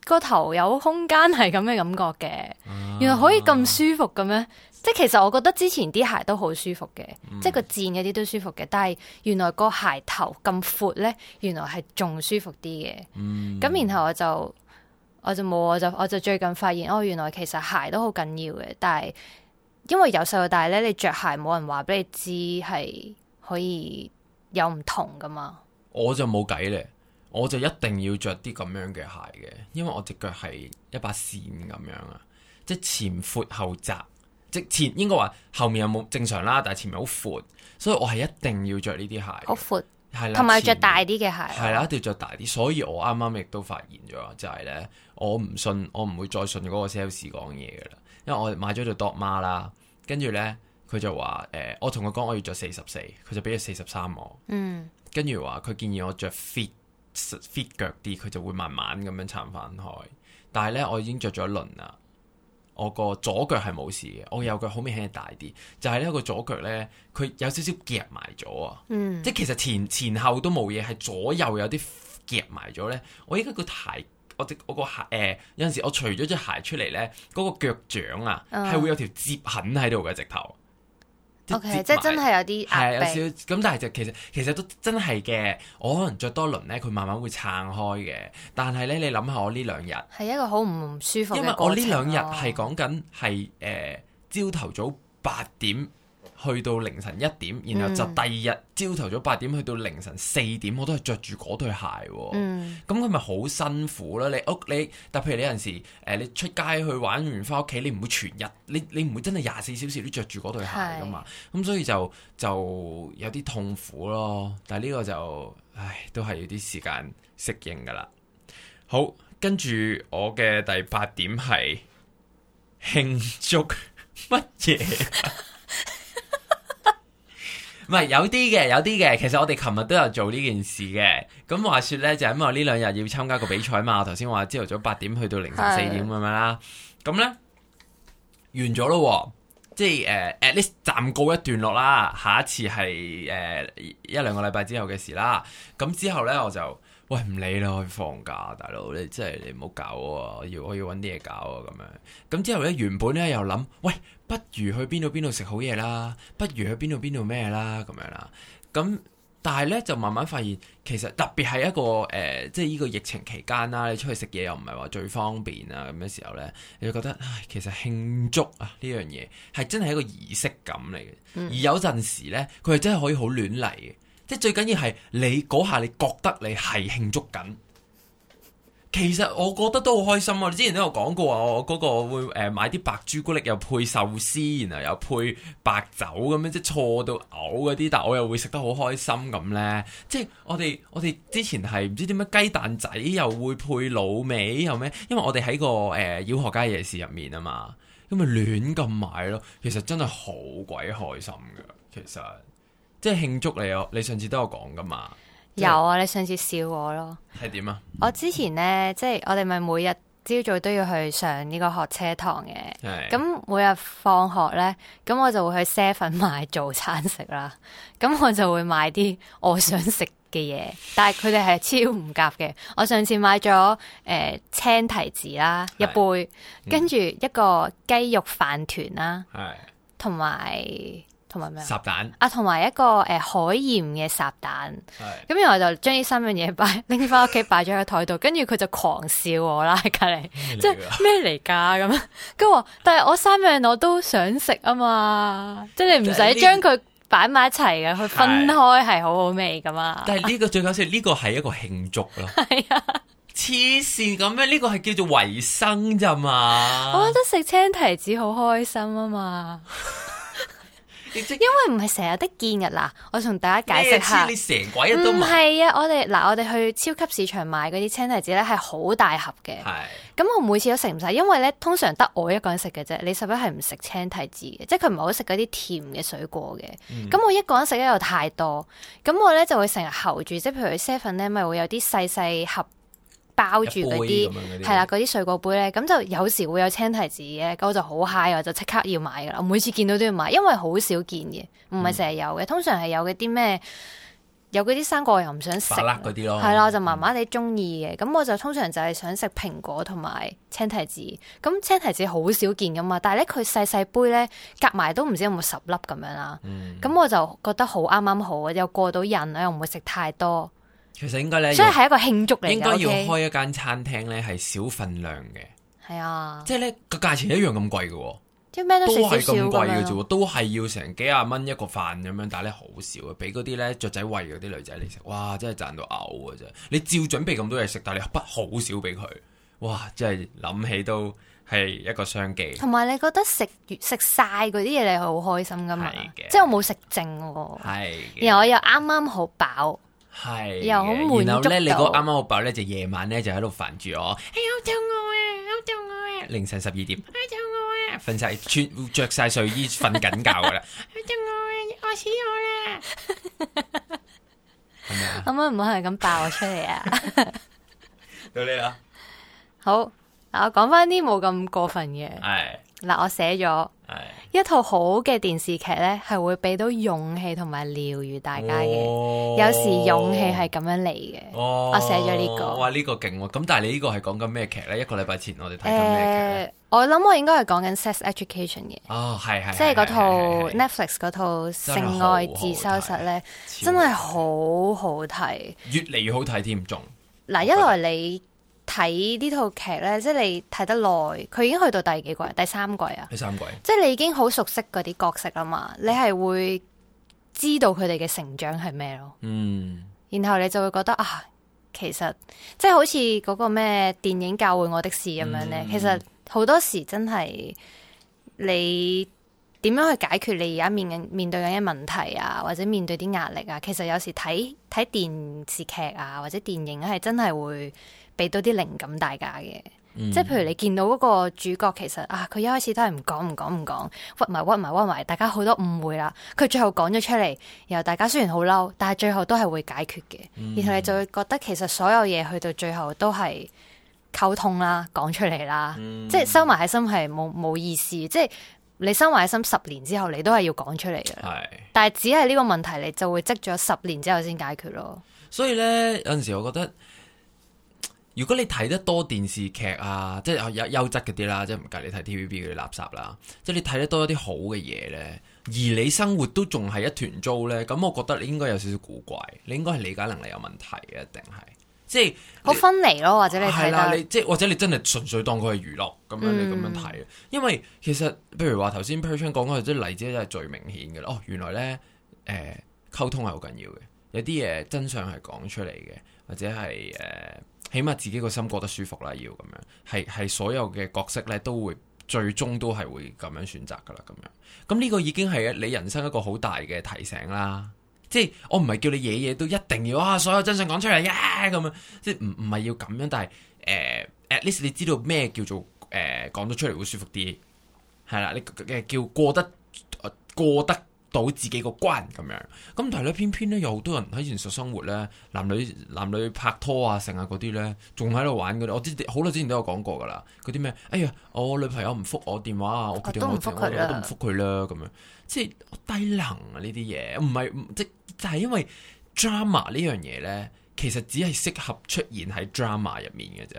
個頭有空間係咁嘅感覺嘅，啊、原來可以咁舒服嘅咩？啊、即係其實我覺得之前啲鞋都好舒服嘅，嗯、即係個尖嗰啲都舒服嘅，但係原來個鞋頭咁闊咧，原來係仲舒服啲嘅，咁、嗯、然後我就。我就冇，我就我就最近發現，哦，原來其實鞋都好緊要嘅，但係因為由細到大咧，你着鞋冇人話俾你知係可以有唔同噶嘛。我就冇計咧，我就一定要着啲咁樣嘅鞋嘅，因為我隻腳係一把扇咁樣啊，即前闊後窄，即前應該話後面有冇正常啦，但係前面好闊，所以我係一定要着呢啲鞋。好闊。同埋着大啲嘅鞋，係啦，一定要着大啲。所以我啱啱亦都發現咗，就係咧，我唔信，我唔會再信嗰個 sales 講嘢嘅啦。因為我買咗對 doa 啦，跟住咧，佢就話誒，我同佢講我要着四十四，佢就俾咗四十三我。嗯，跟住話佢建議我着 fit fit 腳啲，佢就會慢慢咁樣撐翻開。但係咧，我已經着咗一輪啦。我個左腳係冇事嘅，我右腳好明顯係大啲，就係呢個左腳呢，佢有少少夾埋咗啊！嗯、即係其實前前後都冇嘢，係左右有啲夾埋咗呢。我依家個鞋，我隻我個鞋誒有陣時，我除咗隻鞋出嚟呢，嗰、嗰個腳掌啊係、哦、會有條折痕喺度嘅直頭。OK，即係真係有啲係有少咁，但係就其實其實都真係嘅。我可能着多輪咧，佢慢慢會撐開嘅。但係咧，你諗下我呢兩日係一個好唔舒服嘅過程。因為我呢兩日係講緊係誒朝頭早八點。去到凌晨一點，然後就第二日朝頭早八點去到凌晨四點，我都係着住嗰對鞋，哦。咁佢咪好辛苦咯？你屋你，但係譬如你有陣時，誒、呃、你出街去玩完翻屋企，你唔會全日，你你唔會真係廿四小時都着住嗰對鞋噶嘛？咁是、嗯、所以就就有啲痛苦咯。但係呢個就，唉，都係要啲時間適應噶啦。好，跟住我嘅第八點係慶祝乜嘢？ 唔係有啲嘅，有啲嘅，其實我哋琴日都有做呢件事嘅。咁話説呢，就係因為呢兩日要參加個比賽嘛， 我頭先話朝頭早八點去到凌晨四點咁樣啦。咁呢，完咗咯，即係誒、uh, at least 暫告一段落啦。下一次係誒、uh, 一兩個禮拜之後嘅事啦。咁之後呢，我就。喂，唔理啦，我要放假大佬，你即係你唔好搞啊！要我要揾啲嘢搞啊，咁樣。咁之後呢，原本呢，又諗，喂，不如去邊度邊度食好嘢啦，不如去邊度邊度咩啦，咁樣啦。咁但係呢，就慢慢發現，其實特別係一個誒、呃，即係呢個疫情期間啦，你出去食嘢又唔係話最方便啊，咁嘅時候呢，你就覺得，唉，其實慶祝啊呢樣嘢係真係一個儀式感嚟嘅，嗯、而有陣時呢，佢係真係可以好亂嚟嘅。即最緊要係你嗰下，你覺得你係慶祝緊。其實我覺得都好開心啊！我之前都有講過啊，我嗰個我會誒買啲白朱古力又配壽司，然後又配白酒咁樣，即錯到嘔嗰啲，但我又會食得好開心咁咧。即我哋我哋之前係唔知點解雞蛋仔又會配滷味又咩？因為我哋喺個誒妖、呃、學街夜市入面啊嘛，咁咪亂咁買咯。其實真係好鬼開心㗎，其實。即係慶祝你我，你上次都有講噶嘛？有啊，就是、你上次笑我咯。係點啊？我之前咧，即係我哋咪每日朝早都要去上呢個學車堂嘅。係是。咁每日放學咧，咁我就會去 Share 粉買早餐食啦。咁我就會買啲我想食嘅嘢， 但係佢哋係超唔夾嘅。我上次買咗誒、呃、青提子啦一杯，嗯、跟住一個雞肉飯團啦，係同埋。同沙蛋啊，同埋一個誒、呃、海鹽嘅沙蛋，咁然後就將呢三樣嘢擺拎，翻屋企擺咗喺台度，跟住佢就狂笑我啦，隔籬即係咩嚟噶咁樣，跟住我，但係我三樣我都想食啊嘛，即係你唔使將佢擺埋一齊嘅，佢分開係好好味噶嘛。但係呢個最搞笑，呢、這個係一個慶祝咯，係啊的，黐線咁樣，呢個係叫做維生咋嘛？我覺得食青提子好開心啊嘛。因為唔係成日得見㗎嗱，我同大家解釋下。唔係啊，我哋嗱，我哋去超級市場買嗰啲青提子咧，係好大盒嘅。咁是我每次都食唔晒，因為咧通常得我一個人食嘅啫。你實質係唔食青提子嘅，即係佢唔係好食嗰啲甜嘅水果嘅。咁、嗯、我一個人食得又太多，咁我咧就會成日 h 住，即係譬如佢 seven 咧，咪會有啲細細盒。包住嗰啲，係啦，嗰啲水果杯咧，咁就有時會有青提子嘅，咁我就好 high 啊，就即刻要買噶啦。我每次見到都要買，因為好少見嘅，唔係成日有嘅。嗯、通常係有嗰啲咩，有嗰啲生果又唔想食嗰啲咯，係啦，就麻麻地中意嘅。咁、嗯、我就通常就係想食蘋果同埋青提子。咁青提子好少見噶嘛，但係咧佢細細杯咧，夾埋都唔知有冇十粒咁樣啦。咁、嗯、我就覺得好啱啱好，又過到癮，又唔會食太多。其實應該咧，所以係一個慶祝嚟。應該要開一間餐廳咧，係 Okay? 小份量嘅。係是啊，即係咧個價錢一樣咁貴嘅，都係咁貴嘅啫，啊、都係要成幾廿蚊一個飯咁樣，但係咧好少嘅，俾嗰啲咧雀仔喂嗰啲女仔嚟食。哇，真係賺到嘔嘅啫！你照準備咁多嘢食，但係你不好少俾佢。哇，真係諗起都係一個商機。同埋你覺得食食晒嗰啲嘢，你係好開心噶嘛？是的 即係我冇食剩，係的，然後我又啱啱好飽。係，又好悶，然後咧，你個啱啱個爆咧，就夜晚咧就喺度煩住我，好吵我啊，好吵我啊！凌晨十二點，吵我啊！瞓晒穿着晒睡衣，瞓緊覺噶啦，吵我啊，愛死我啦！咁樣唔好係咁爆我出嚟啊！到你啦，好，嗱我講翻啲冇咁過分嘅，係嗱我寫咗。一套好嘅電視劇咧，係會俾到勇氣同埋療愈大家嘅。哦、有時勇氣係咁樣嚟嘅。哦、我寫咗呢個，哇、這個、個呢個勁！咁但係你呢個係講緊咩劇咧？一個禮拜前我哋睇緊咩劇咧？我諗我應該係講緊 sex education 嘅。哦，係係，即係嗰套 Netflix 嗰套性愛自修室咧，呢真係好真好睇，超越嚟越好睇添仲。嗱、呃，一來你。睇呢套劇呢，即係你睇得耐，佢已經去到第幾季？第三季啊！第三季，即係你已經好熟悉嗰啲角色吖嘛，你係會知道佢哋嘅成長係咩咯？嗯，然後你就會覺得啊，其實即係好似嗰個咩電影教會我的事咁樣呢，嗯、其實好多時真係你點樣去解決你而家面面對緊嘅問題啊，或者面對啲壓力啊？其實有時睇睇電視劇啊，或者電影係真係會。俾到啲靈感大家嘅，即係譬如你見到嗰個主角，其實啊，佢一開始都係唔講唔講唔講，屈埋屈埋屈埋，大家好多誤會啦。佢最後講咗出嚟，然後大家雖然好嬲，但係最後都係會解決嘅。嗯、然後你就會覺得其實所有嘢去到最後都係溝通啦，講出嚟啦，嗯、即係收埋喺心係冇冇意思。即係你收埋喺心十年之後，你都係要講出嚟嘅。是但係只係呢個問題，你就會積咗十年之後先解決咯。所以呢，有陣時我覺得。如果你睇得多電視劇啊，即係有優質嗰啲啦，即係唔介意你睇 TVB 嗰啲垃圾啦，即係你睇得多一啲好嘅嘢咧，而你生活都仲係一團糟咧，咁我覺得你應該有少少古怪，你應該係理解能力有問題嘅，一定係，即係個分離咯，或者你係啦，你即係或者你真係純粹當佢係娛樂咁樣，你咁樣睇，因為其實，譬如話頭先 person 講嗰啲例子真係最明顯嘅。哦，原來咧誒，溝通係好緊要嘅，有啲嘢真相係講出嚟嘅。或者係誒、呃，起碼自己個心過得舒服啦，要咁樣，係係所有嘅角色咧，都會最終都係會咁樣選擇噶啦，咁樣。咁呢個已經係你人生一個好大嘅提醒啦。即係我唔係叫你嘢嘢都一定要，啊，所有真相講出嚟呀咁樣，即係唔唔係要咁樣，但係誒、呃、，at least 你知道咩叫做誒，講、呃、得出嚟會舒服啲，係啦，你嘅叫過得過得。到自己個關咁樣，咁但係咧，偏偏咧有好多人喺現實生活咧，男女男女拍拖啊，成日嗰啲咧，仲喺度玩嘅。我啲好耐之前都有講過噶啦，嗰啲咩？哎呀，我女朋友唔復我電話啊，我決定我停都唔復佢啦咁樣，即係低能啊呢啲嘢，唔係即係，但、就係、因為 drama 呢樣嘢咧，其實只係適合出現喺 drama 入面嘅啫。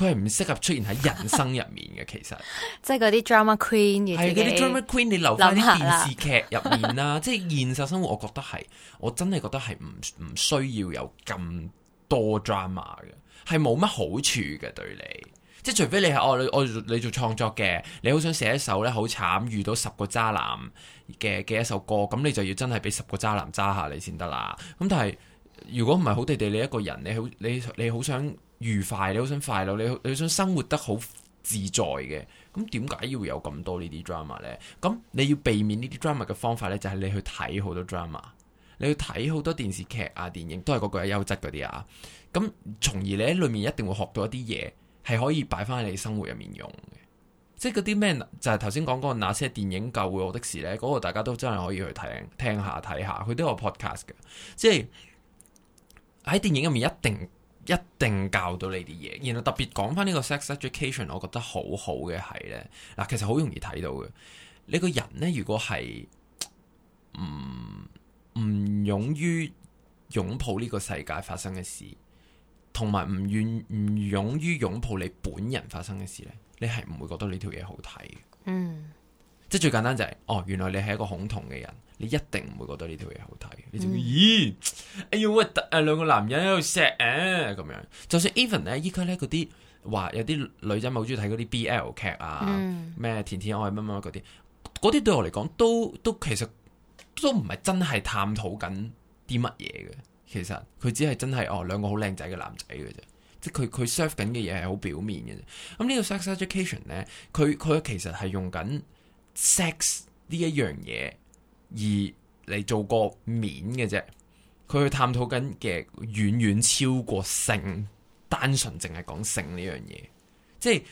佢係唔適合出現喺人生入面嘅，其實即係嗰啲 drama queen 嘅。係啲 drama queen，你留翻啲電視劇入面啦。 即係現實生活，我覺得係，我真係覺得係唔唔需要有咁多 drama 嘅，係冇乜好處嘅對你。即係除非你係哦，你我你做創作嘅，你好想寫一首咧，好慘遇到十個渣男嘅嘅一首歌，咁你就要真係俾十個渣男渣下你先得啦。咁但係如果唔係好地地，你一個人，你好你你好想，愉快，你好想快樂，你你想生活得好自在嘅，咁點解要有咁多呢啲 drama 呢？咁你要避免呢啲 drama 嘅方法呢，就係、是、你去睇好多 drama，你去睇好多電視劇啊、電影，都係嗰個優質嗰啲啊。咁從而你喺裏面一定會學到一啲嘢，係可以擺翻喺你生活入面用嘅。即係嗰啲咩，就係頭先講嗰那些電影教我的事呢，嗰、那個大家都真係可以去聽聽下、睇下，佢都有 podcast 嘅。即係喺電影入面一定。一定教到你啲嘢，然後特別講翻呢個 sex education，我覺得好好嘅係呢。嗱其實好容易睇到嘅，你個人呢，如果係唔唔勇於擁抱呢個世界發生嘅事，同埋唔願唔勇於擁抱你本人發生嘅事咧，你係唔會覺得呢條嘢好睇嘅。嗯。即係最簡單就係、是，哦，原來你係一個恐同嘅人，你一定唔會覺得呢條嘢好睇。嗯、你就會咦，哎呀喂，誒兩個男人喺度錫誒咁樣。就算 even 呢，依家咧嗰啲話有啲女仔咪好中意睇嗰啲 BL 劇啊，咩甜甜愛乜乜嗰啲，嗰啲對我嚟講都都其實都唔係真係探討緊啲乜嘢嘅。其實佢只係真係哦兩個好靚仔嘅男仔嘅啫。即係佢佢 serve 緊嘅嘢係好表面嘅啫。咁、嗯這個、呢個 sex education 咧，佢佢其實係用緊。sex 呢一樣嘢，而嚟做過面嘅啫，佢去探討緊嘅遠遠超過性，單純淨係講性呢樣嘢，即係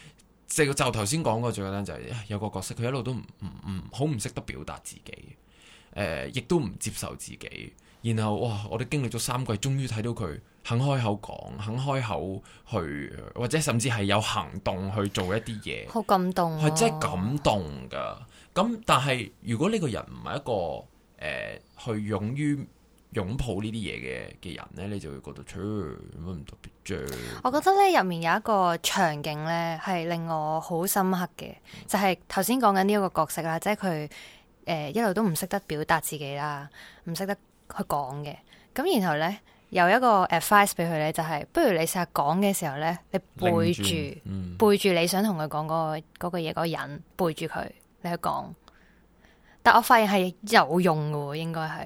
就就頭先講過，最簡單就係、就是、有個角色，佢一路都唔唔唔好唔識得表達自己，誒、呃，亦都唔接受自己。然後哇，我哋經歷咗三季，月，終於睇到佢肯開口講，肯開口去，或者甚至係有行動去做一啲嘢，好感動、哦，係即係感動噶。咁但係如果呢個人唔係一個誒、呃、去勇於擁抱呢啲嘢嘅嘅人呢，你就會覺得，唔、呃、特別。我覺得呢入面有一個場景呢，係令我好深刻嘅，就係頭先講緊呢一個角色啦，即係佢、呃、一路都唔識得表達自己啦，唔識得。佢講嘅，咁然後呢，有一個 advice 俾佢呢，就係、是、不如你成日講嘅時候呢，你背住、嗯、背住你想同佢講嗰個嘢嗰、嗰個嗰個人背住佢你去講，但我發現係有用㗎喎，應該係，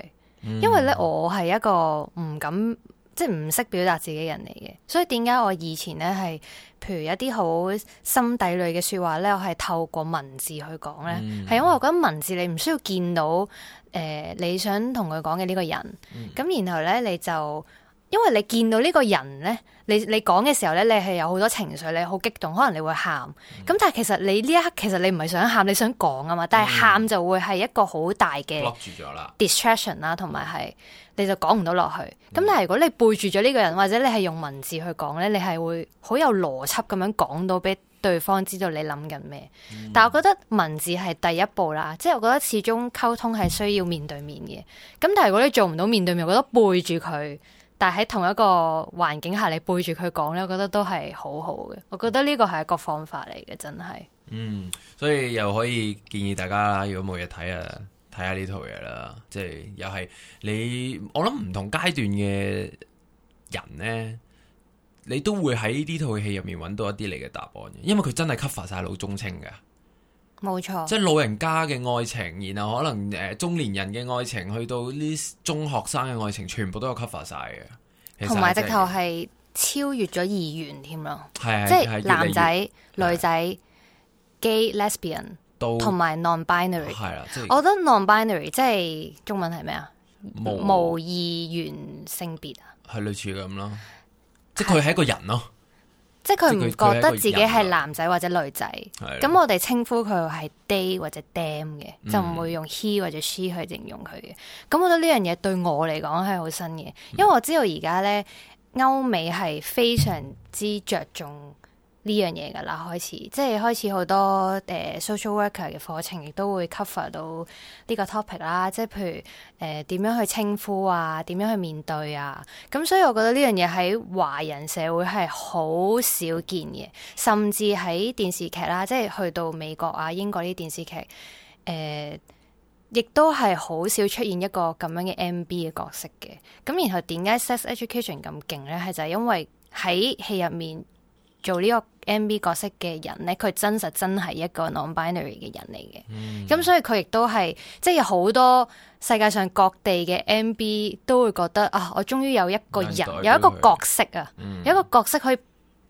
因為呢，嗯、我係一個唔敢。即係唔識表達自己人嚟嘅，所以點解我以前咧係，譬如一啲好心底裏嘅說話咧，我係透過文字去講咧，係、嗯、因為我覺得文字你唔需要見到，誒、呃，你想同佢講嘅呢個人，咁、嗯、然後咧你就。因為你見到呢個人咧，你你講嘅時候咧，你係有好多情緒，你好激動，可能你會喊。咁、嗯、但係其實你呢一刻，其實你唔係想喊，你想講啊嘛。但係喊就會係一個好大嘅 block 住咗啦，distraction 啦、嗯，同埋係你就講唔到落去。咁、嗯、但係如果你背住咗呢個人，或者你係用文字去講咧，你係會好有邏輯咁樣講到俾對方知道你諗緊咩。嗯、但係我覺得文字係第一步啦，即係我覺得始終溝通係需要面對面嘅。咁但係如果你做唔到面對面，我覺得背住佢。但喺同一個環境下，你背住佢講咧，我覺得都係好好嘅。我覺得呢個係一個方法嚟嘅，真係。嗯，所以又可以建議大家，如果冇嘢睇啊，睇下呢套嘢啦。即係又係你，我諗唔同階段嘅人呢，你都會喺呢套戲入面揾到一啲你嘅答案，因為佢真係 cover 曬老中青噶。冇錯，錯即係老人家嘅愛情，然後可能誒中年人嘅愛情，去到呢中學生嘅愛情，全部都有 cover 晒嘅。同埋直頭係超越咗二元添咯，即係男仔、越越女仔、gay lesbian、lesbian，同埋 non-binary、啊。係啦、啊，即、就、係、是，我覺得 non-binary 即係中文係咩啊？無二元性別啊，係類似咁咯，即係佢係一個人咯、啊。即係佢唔覺得自己係男仔或者女仔，咁的我哋稱呼佢係 they 或者 them 嘅，嗯，就唔會用 he 或者 she 去形容佢嘅。咁我覺得呢樣嘢對我嚟講係好新嘅，因為我知道而家咧歐美係非常之着重。呢樣嘢㗎喇，開始即係開始好多誒、uh, social worker 嘅課程，亦都會 cover 到呢個 topic 啦。即係譬如誒點、呃、樣去稱呼啊，點樣去面對啊。咁所以，我覺得呢樣嘢喺華人社會係好少見嘅，甚至喺電視劇啦，即係去到美國啊、英國啲電視劇，誒、呃、亦都係好少出現一個咁樣嘅 MB 嘅角色嘅。咁然後點解 sex education 咁勁咧？係就係因為喺戲入面。做呢個 MB 角色嘅人咧，佢真實真係一個 non-binary 嘅人嚟嘅。咁、嗯嗯、所以佢亦都係，即係有好多世界上各地嘅 MB 都會覺得啊，我終於有一個人，有一個角色啊，嗯、有一個角色可以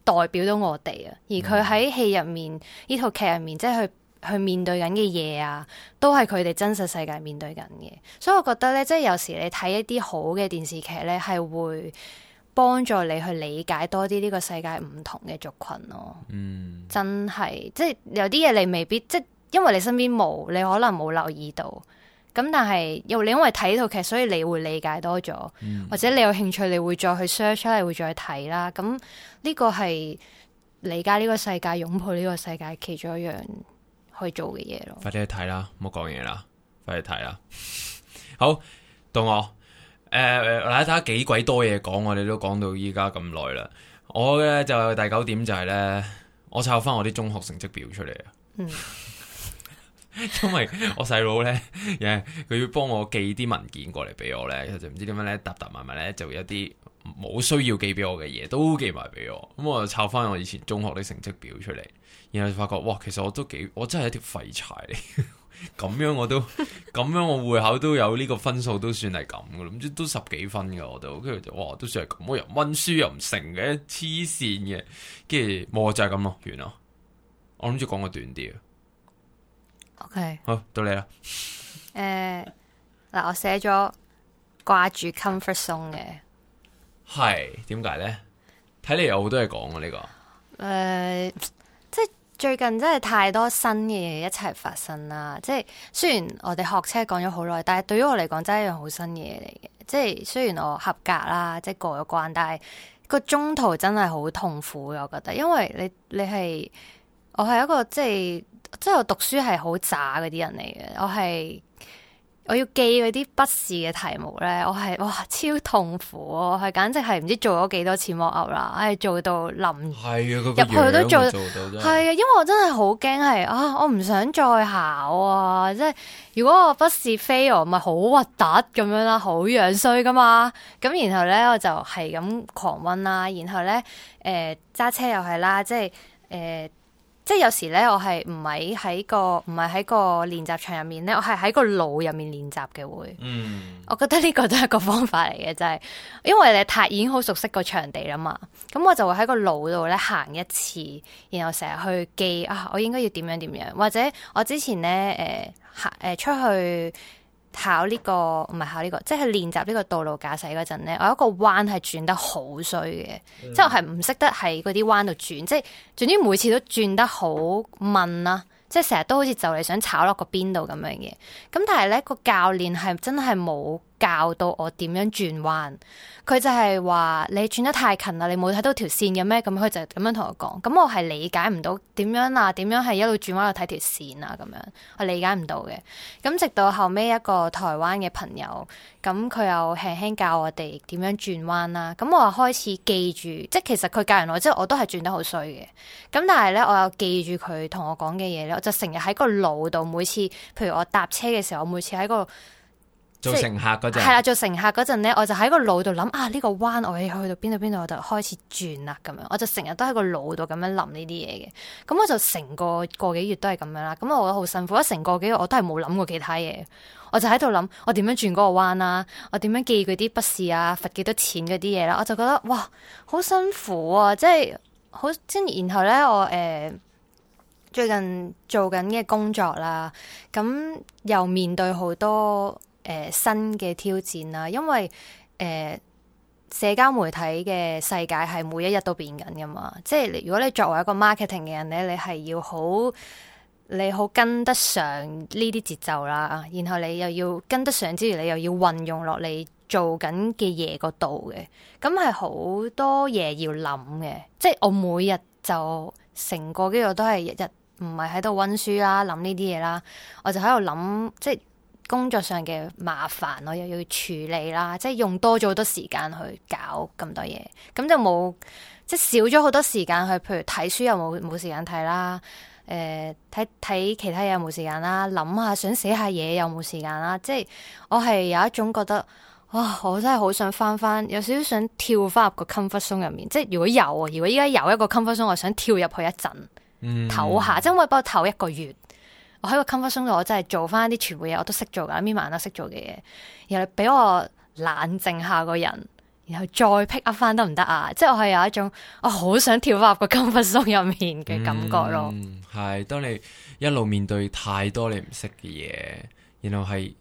代表到我哋啊。而佢喺戲入面，呢套、嗯、劇入面，即係去去面對緊嘅嘢啊，都係佢哋真實世界面對緊嘅。所以我覺得咧，即係有時你睇一啲好嘅電視劇咧，係會。幫助你去理解多啲呢個世界唔同嘅族群咯，嗯、真係即係有啲嘢你未必即係，因為你身邊冇，你可能冇留意到。咁但係又你因為睇呢套劇，所以你會理解多咗，嗯、或者你有興趣，你會再去 search 出嚟，你會再睇啦。咁呢個係理解呢個世界、擁抱呢個世界其中一樣去做嘅嘢咯。快啲去睇啦，唔好講嘢啦，快去睇啦。 好，到我。誒，呃、大家睇下幾鬼多嘢講，我哋都講到依家咁耐啦。我咧就第九點就係、是、咧，我抄翻我啲中學成績表出嚟啊。嗯，因為我細佬咧，誒，佢要幫我寄啲文件過嚟俾我咧，就唔知點樣咧，沓沓埋埋咧，就一啲冇需要寄俾我嘅嘢都寄埋俾我。咁我就抄翻我以前中學啲成績表出嚟，然後就發覺，哇，其實我都幾，我真係一條廢柴嚟。 咁樣我都咁樣，我會考都有呢個分數都算係咁噶啦，唔知都十幾分噶我都，跟住就哇都算係咁，我又溫書又唔成嘅，黐線嘅，跟住我就係咁咯，完咯。我諗住講個短啲啊。OK，好，到你啦。誒、uh，嗱，我寫咗掛住 comfort song 嘅。係，點解咧？睇嚟有好多嘢講啊呢個。誒、uh。最近真係太多新嘅嘢一齊發生啦！即係雖然我哋學車講咗好耐，但係對於我嚟講真係一樣好新嘅嘢嚟嘅。即係雖然我合格啦，即係過咗關，但係個中途真係好痛苦嘅，我覺得。因為你你係我係一個即係即係我讀書係好渣嗰啲人嚟嘅，我係。我要記嗰啲筆試嘅題目咧，我係哇超痛苦，我係簡直係唔知做咗幾多次模擬啦，唉做到臨入去都做，係啊，因為我真係好驚係啊，我唔想再考啊，即係如果我筆試 fail 咪好核突咁樣啦，好樣衰噶嘛，咁然後咧我就係咁狂溫啦，然後咧誒揸車又係啦，即係誒。呃即係有時咧，我係唔係喺個唔係喺個練習場入面咧，我係喺個腦入面練習嘅會。嗯，我覺得呢個都係一個方法嚟嘅，就係因為你太已經好熟悉個場地啦嘛，咁我就會喺個腦度咧行一次，然後成日去記啊，我應該要點樣點樣，或者我之前咧誒行誒出去。考呢個唔係，考呢個，即係練習呢個道路駕駛嗰陣咧，我有一個彎係轉得好衰嘅，即係我係唔識得喺嗰啲彎度轉，即係總之每次都轉得好問啦，即係成日都好似就嚟想炒落個邊度咁樣嘅，咁但係咧個教練係真係冇。教到我點樣轉彎，佢就係話你轉得太近啦，你冇睇到條線嘅咩？咁佢就咁樣同我講。咁我係理解唔到點樣啊，點樣係一路轉彎去睇條線啊？咁樣我理解唔到嘅。咁直到後尾一個台灣嘅朋友，咁佢又輕輕教我哋點樣轉彎啦。咁我開始記住，即係其實佢教完我，之後我都係轉得好衰嘅。咁但係咧，我又記住佢同我講嘅嘢咧，我就成日喺個腦度，每次譬如我搭車嘅時候，我每次喺個。做乘客嗰陣係啦，做乘客嗰陣咧，我就喺個腦度諗啊，呢個彎我要去到邊度邊度，我就開始轉啦咁樣，我就成日都喺個腦度咁樣諗呢啲嘢嘅。咁我就成個個幾月都係咁樣啦。咁我覺得好辛苦，一成個幾月我都係冇諗過其他嘢，我就喺度諗我點樣轉嗰個彎啦，我點樣記佢啲筆試啊，罰幾多錢嗰啲嘢啦。我就覺得哇，好辛苦啊，即係好。然後咧，我誒、呃、最近做緊嘅工作啦，咁又面對好多。誒、呃，新嘅挑戰啦，因為誒、呃，社交媒體嘅世界係每一日都變緊噶嘛，即係如果你作為一個 marketing 嘅人咧，你係要好，你好跟得上呢啲節奏啦，然後你又要跟得上之餘，你又要運用落你做緊嘅嘢嗰度嘅，咁係好多嘢要諗嘅，即係我每日就成個幾日都係日日唔係喺度溫書啦，諗呢啲嘢啦，我就喺度諗即係。工作上嘅麻煩我又要處理啦，即係用多咗好多時間去搞咁多嘢，咁就冇即係少咗好多時間去，譬如睇書又冇冇時間睇啦，誒睇睇其他嘢又冇時間啦，諗下想寫下嘢又冇時間啦，即係我係有一種覺得，哇！我真係好想翻翻，有少少想跳翻入個 comfort zone 入面。即係如果有，如果依家有一個 comfort zone，我想跳入去一陣，唞、嗯、下，即係唔係不過唞一個月。我喺個 comfort zone 度，我真係做翻啲全部嘢，我都識做噶，咩晚都識做嘅嘢。然後你俾我冷靜下個人，然後再 pick up 翻得唔得啊？即係我係有一種我好想跳翻入個 comfort zone 入面嘅感覺咯。嗯，係。當你一路面對太多你唔識嘅嘢，然後係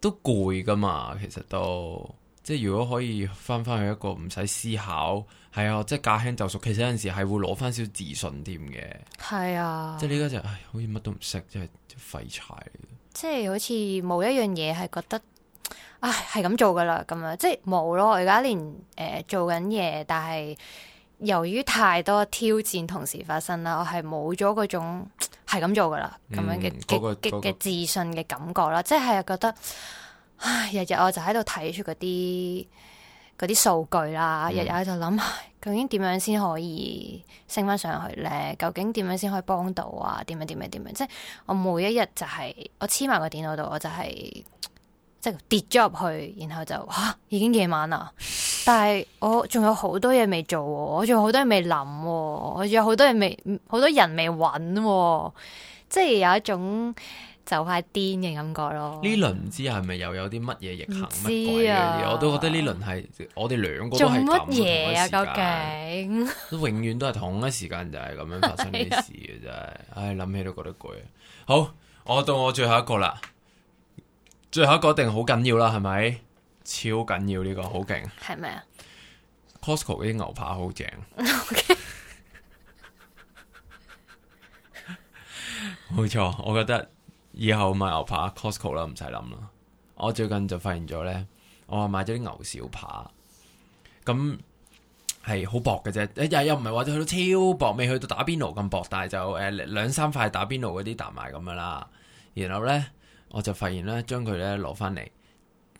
都攰噶嘛？其實都即係如果可以翻翻去一個唔使思考。係啊，即係駕輕就熟，其實有陣時係會攞翻少少自信添嘅。係啊，即係呢家就，唉，好似乜都唔識，即係廢柴。即係好似冇一樣嘢係覺得，唉，係咁做噶啦，咁樣，即係冇咯。而家連誒、呃、做緊嘢，但係由於太多挑戰同時發生啦，我係冇咗嗰種係咁做噶啦咁樣嘅、嗯那個、激激嘅自信嘅感覺啦，即係覺得，唉，日日我就喺度睇住嗰啲。嗰啲數據啦，日日喺度諗，究竟點樣先可以升翻上去咧？究竟點樣先可以幫到啊？點樣點樣點樣？即係我每一日就係我黐埋個電腦度，我就係即係跌咗入去，然後就嚇已經夜晚啦。但係我仲有好多嘢未做，我仲有好多嘢未諗，我仲有好多嘢未，好多人未揾，即係有一種。就快癲嘅感覺咯，呢輪唔知係咪又有啲乜嘢逆行乜鬼？唔知啊，我都覺得呢輪係我哋兩個都係咁。做乜嘢啊？究竟都永遠都係同一時間究竟 就係咁樣發生呢啲事嘅，真係， 哎、呀唉諗起都覺得攰。好，我到我最後一個啦，最後一個一定好緊要啦，係咪？超緊要呢、這個好勁。係咪啊？Costco 啲牛扒好正。冇錯， 我覺得。以後買牛扒 Costco 啦，唔使諗啦。我最近就發現咗呢，我買咗啲牛小扒，咁係好薄嘅啫，又又唔係話去到超薄，未去到打邊爐咁薄，但係就誒、呃、兩三塊打邊爐嗰啲搭埋咁樣啦。然後呢，我就發現呢，將佢呢攞翻嚟，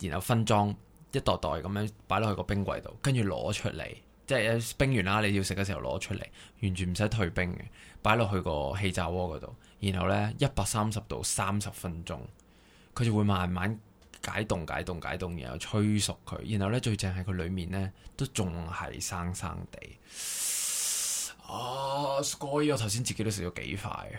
然後分裝一袋袋咁樣擺落去個冰櫃度，跟住攞出嚟，即係冰完啦，你要食嘅時候攞出嚟，完全唔使退冰嘅，擺落去個氣炸鍋嗰度。然後呢，一百三十度三十分鐘，佢就會慢慢解凍、解凍、解凍，然後吹熟佢。然後呢，最正係佢裏面呢，都仲係生生地啊 s o 我頭先自己都食咗幾塊嘅，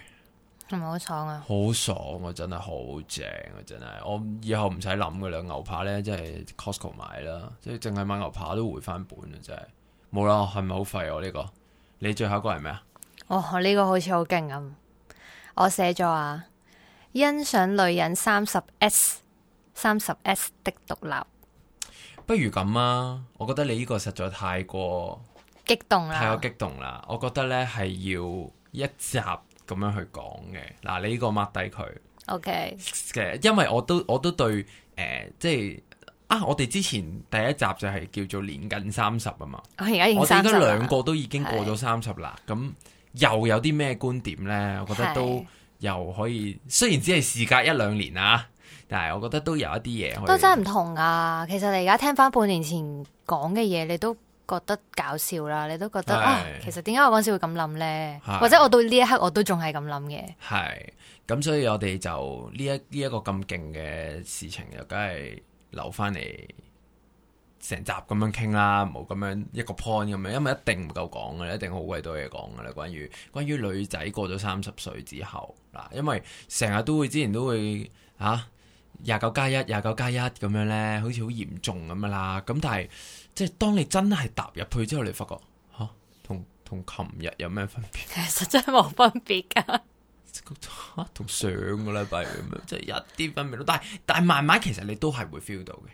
係咪好爽啊？好爽，我真係好正啊！真係、啊、我以後唔使諗噶啦，牛扒呢，真係 Costco 買啦，即係淨係買牛扒都回翻本是是啊！真係冇啦，係咪好廢啊？呢個你最後一個係咩、哦這個、啊？哦，呢個好似好勁啊！我寫咗啊，欣賞女人三十 S，三十 S 的獨立。不如咁啊，我覺得你呢個實在太過激動啦，太過激動啦。我覺得呢係要一集咁樣去講嘅。嗱，你呢個抹低佢。O K 嘅，因為我都我都對誒、呃，即係啊，我哋之前第一集就係叫做年近三十啊嘛。我而家已經三十啦。我哋而家兩個都已經過咗三十啦，咁是。又有啲咩觀點呢？我覺得都是又可以，雖然只係事隔一兩年啊，但係我覺得都有一啲嘢，都真係唔同㗎、啊。其實你而家聽翻半年前講嘅嘢，你都覺得搞笑啦。你都覺得啊是，其實點解我嗰時會咁諗呢？是或者我到呢一刻我都仲係咁諗嘅。係咁，所以我哋就呢一呢一個咁勁嘅事情，又梗係留翻嚟。成集咁樣傾啦，冇咁樣一個 point 咁樣，因為一定唔夠講噶，一定好鬼多嘢講噶啦。關於關於女仔過咗三十歲之後，嗱，因為成日都會之前都會吓廿九加一廿九加一咁樣咧，好似好嚴重咁嘅啦。咁但係即係當你真係踏入去之後，你發覺吓同同琴日有咩分別？其實真係冇分別噶。同 上個禮拜咁樣，即係 一啲分別都，但係但係慢慢其實你都係會 feel 到嘅。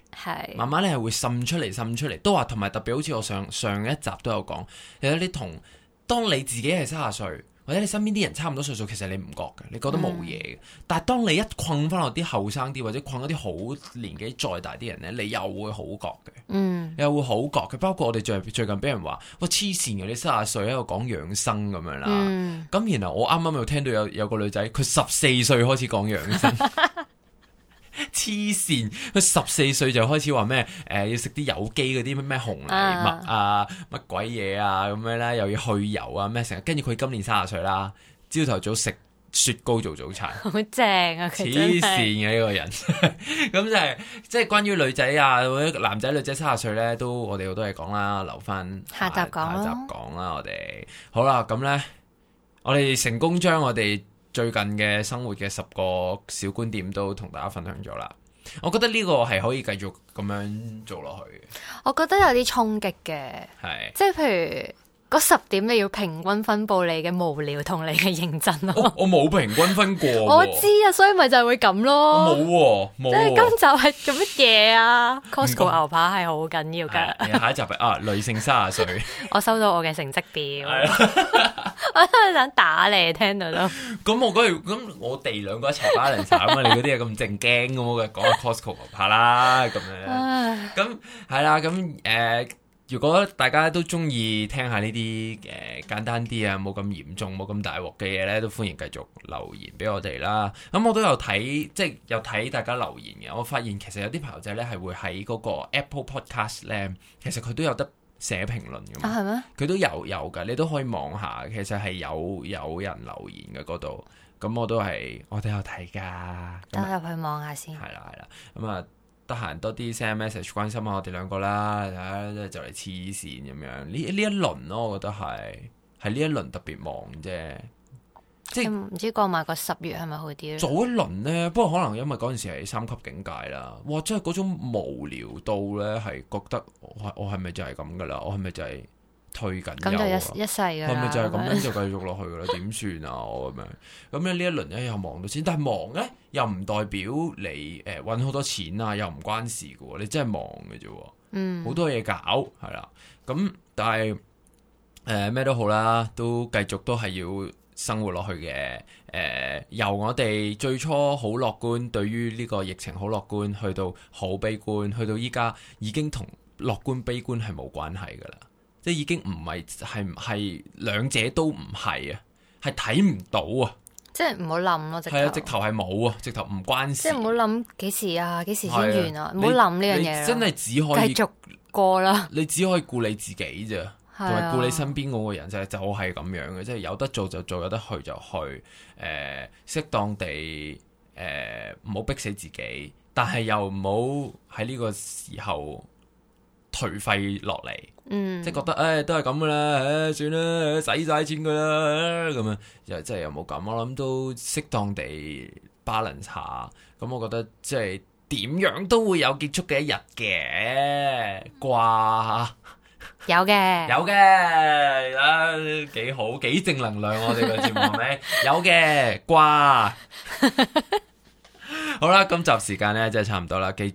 是慢慢你係會滲出嚟滲出嚟。都話同埋特別好似我上上一集都有講，其實你同，當你自己係三十歲。或者你身邊啲人差唔多歲數，其實你唔覺嘅，你覺得冇嘢嘅。嗯、但係當你一困翻落啲後生啲，或者困一啲好年紀再大啲人咧，你又會好覺嘅。嗯，又會好覺嘅。包括我哋最最近俾人話，哇黐線嘅，你三十歲喺度講養生咁樣啦。咁、嗯、然後我啱啱又聽到有有個女仔，佢十四歲開始講養生。嗯 黐線，佢十四歲就開始話咩？誒、呃，要食啲有機嗰啲咩紅藜麥啊，乜、啊、鬼嘢啊，咁樣咧，又要去油啊咩？成日跟住佢今年三十歲啦，朝頭早食雪糕做早餐，好正啊！黐線嘅呢個人，咁 就係即係關於女仔啊，或者男仔女仔三十歲咧，都我哋好多嘢講啦，留翻下，下集講，下集講啦，我哋好啦，咁咧，我哋成功將我哋。最近嘅生活嘅十個小觀點都同大家分享咗啦，我覺得呢個係可以繼續咁樣做落去。我覺得有啲衝擊嘅，係，即係譬如。嗰十點你要平均分布你嘅無聊同你嘅認真咯。我冇平均分過。我知啊，所以咪就係會咁咯。我冇喎，冇。即係今集係做乜嘢啊？Costco 牛扒係好緊要噶。下一集啊，女性三十歲。我收到我嘅成績表，我真係想打你，聽到咯。咁我嗰日，咁我哋兩個一齊 balance 啊嘛，你嗰啲又咁正驚咁嘅，講下 Costco 牛扒啦咁樣。咁係啦，咁誒。如果大家都中意聽下呢啲誒簡單啲啊，冇咁嚴重、冇咁大鑊嘅嘢呢，都歡迎繼續留言俾我哋啦。咁我都有睇，即係有睇大家留言嘅。我發現其實有啲朋友仔呢係會喺嗰個 Apple Podcast 呢，其實佢都有得寫評論嘅。啊，係咩？佢都有有噶，你都可以望下。其實係有有人留言嘅嗰度。咁我都係，我都有睇噶。咁我入去望下先。係啦，係啦。咁啊。得閒多啲 send message 關心下我哋兩個啦，睇下，即係就嚟黐線咁樣，呢呢一輪咯，我覺得係係呢一輪特別忙啫，即係唔知過埋個十月係咪好啲？早一輪呢，不過可能因為嗰陣時係三級警戒啦，哇，真係嗰種無聊到呢，係覺得我我係咪就係咁噶啦？我係咪就係、是？推緊咁就一世噶啦，係咪就係咁樣就繼續落去噶啦？點 算啊？我咁樣咁咧呢一輪咧又忙到先，但係忙咧又唔代表你誒搵好多錢啊，又唔關事噶，你真係忙嘅啫、嗯，嗯，好多嘢搞係啦。咁但係誒咩都好啦，都繼續都係要生活落去嘅。誒、呃、由我哋最初好樂觀，對於呢個疫情好樂觀，去到好悲觀，去到依家已經同樂觀悲觀係冇關係噶啦。即係已經唔係係係兩者都唔係啊，係睇唔到啊！即係唔好諗咯，係啊，直頭係冇啊，直頭唔關事。即係唔好諗幾時啊，幾時先完啊！唔好諗呢樣嘢。真係只可以繼續過啦。你只可以顧你自己咋，同埋顧你身邊嗰個人就係就係咁樣嘅，即係有得做就做，有得去就去。誒、呃，適當地誒，唔好逼死自己，但係又唔好喺呢個時候頹廢落嚟。嗯，即係覺得誒，都係咁噶啦，唉，算啦，使晒錢噶啦，咁樣，又真係又冇咁，我諗都適當地平衡下，咁我覺得即係點樣都會有結束嘅一日嘅，啩，有嘅，有嘅，啊，幾好，幾正能量我哋個節目，係咪有嘅？啩，好啦，今集時間咧即係差唔多啦，記。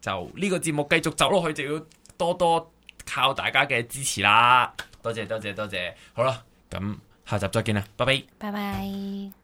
就呢個節目繼續走落去，就要多多靠大家嘅支持啦！多謝多謝多謝，好啦，咁下集再見啦，拜拜，拜拜。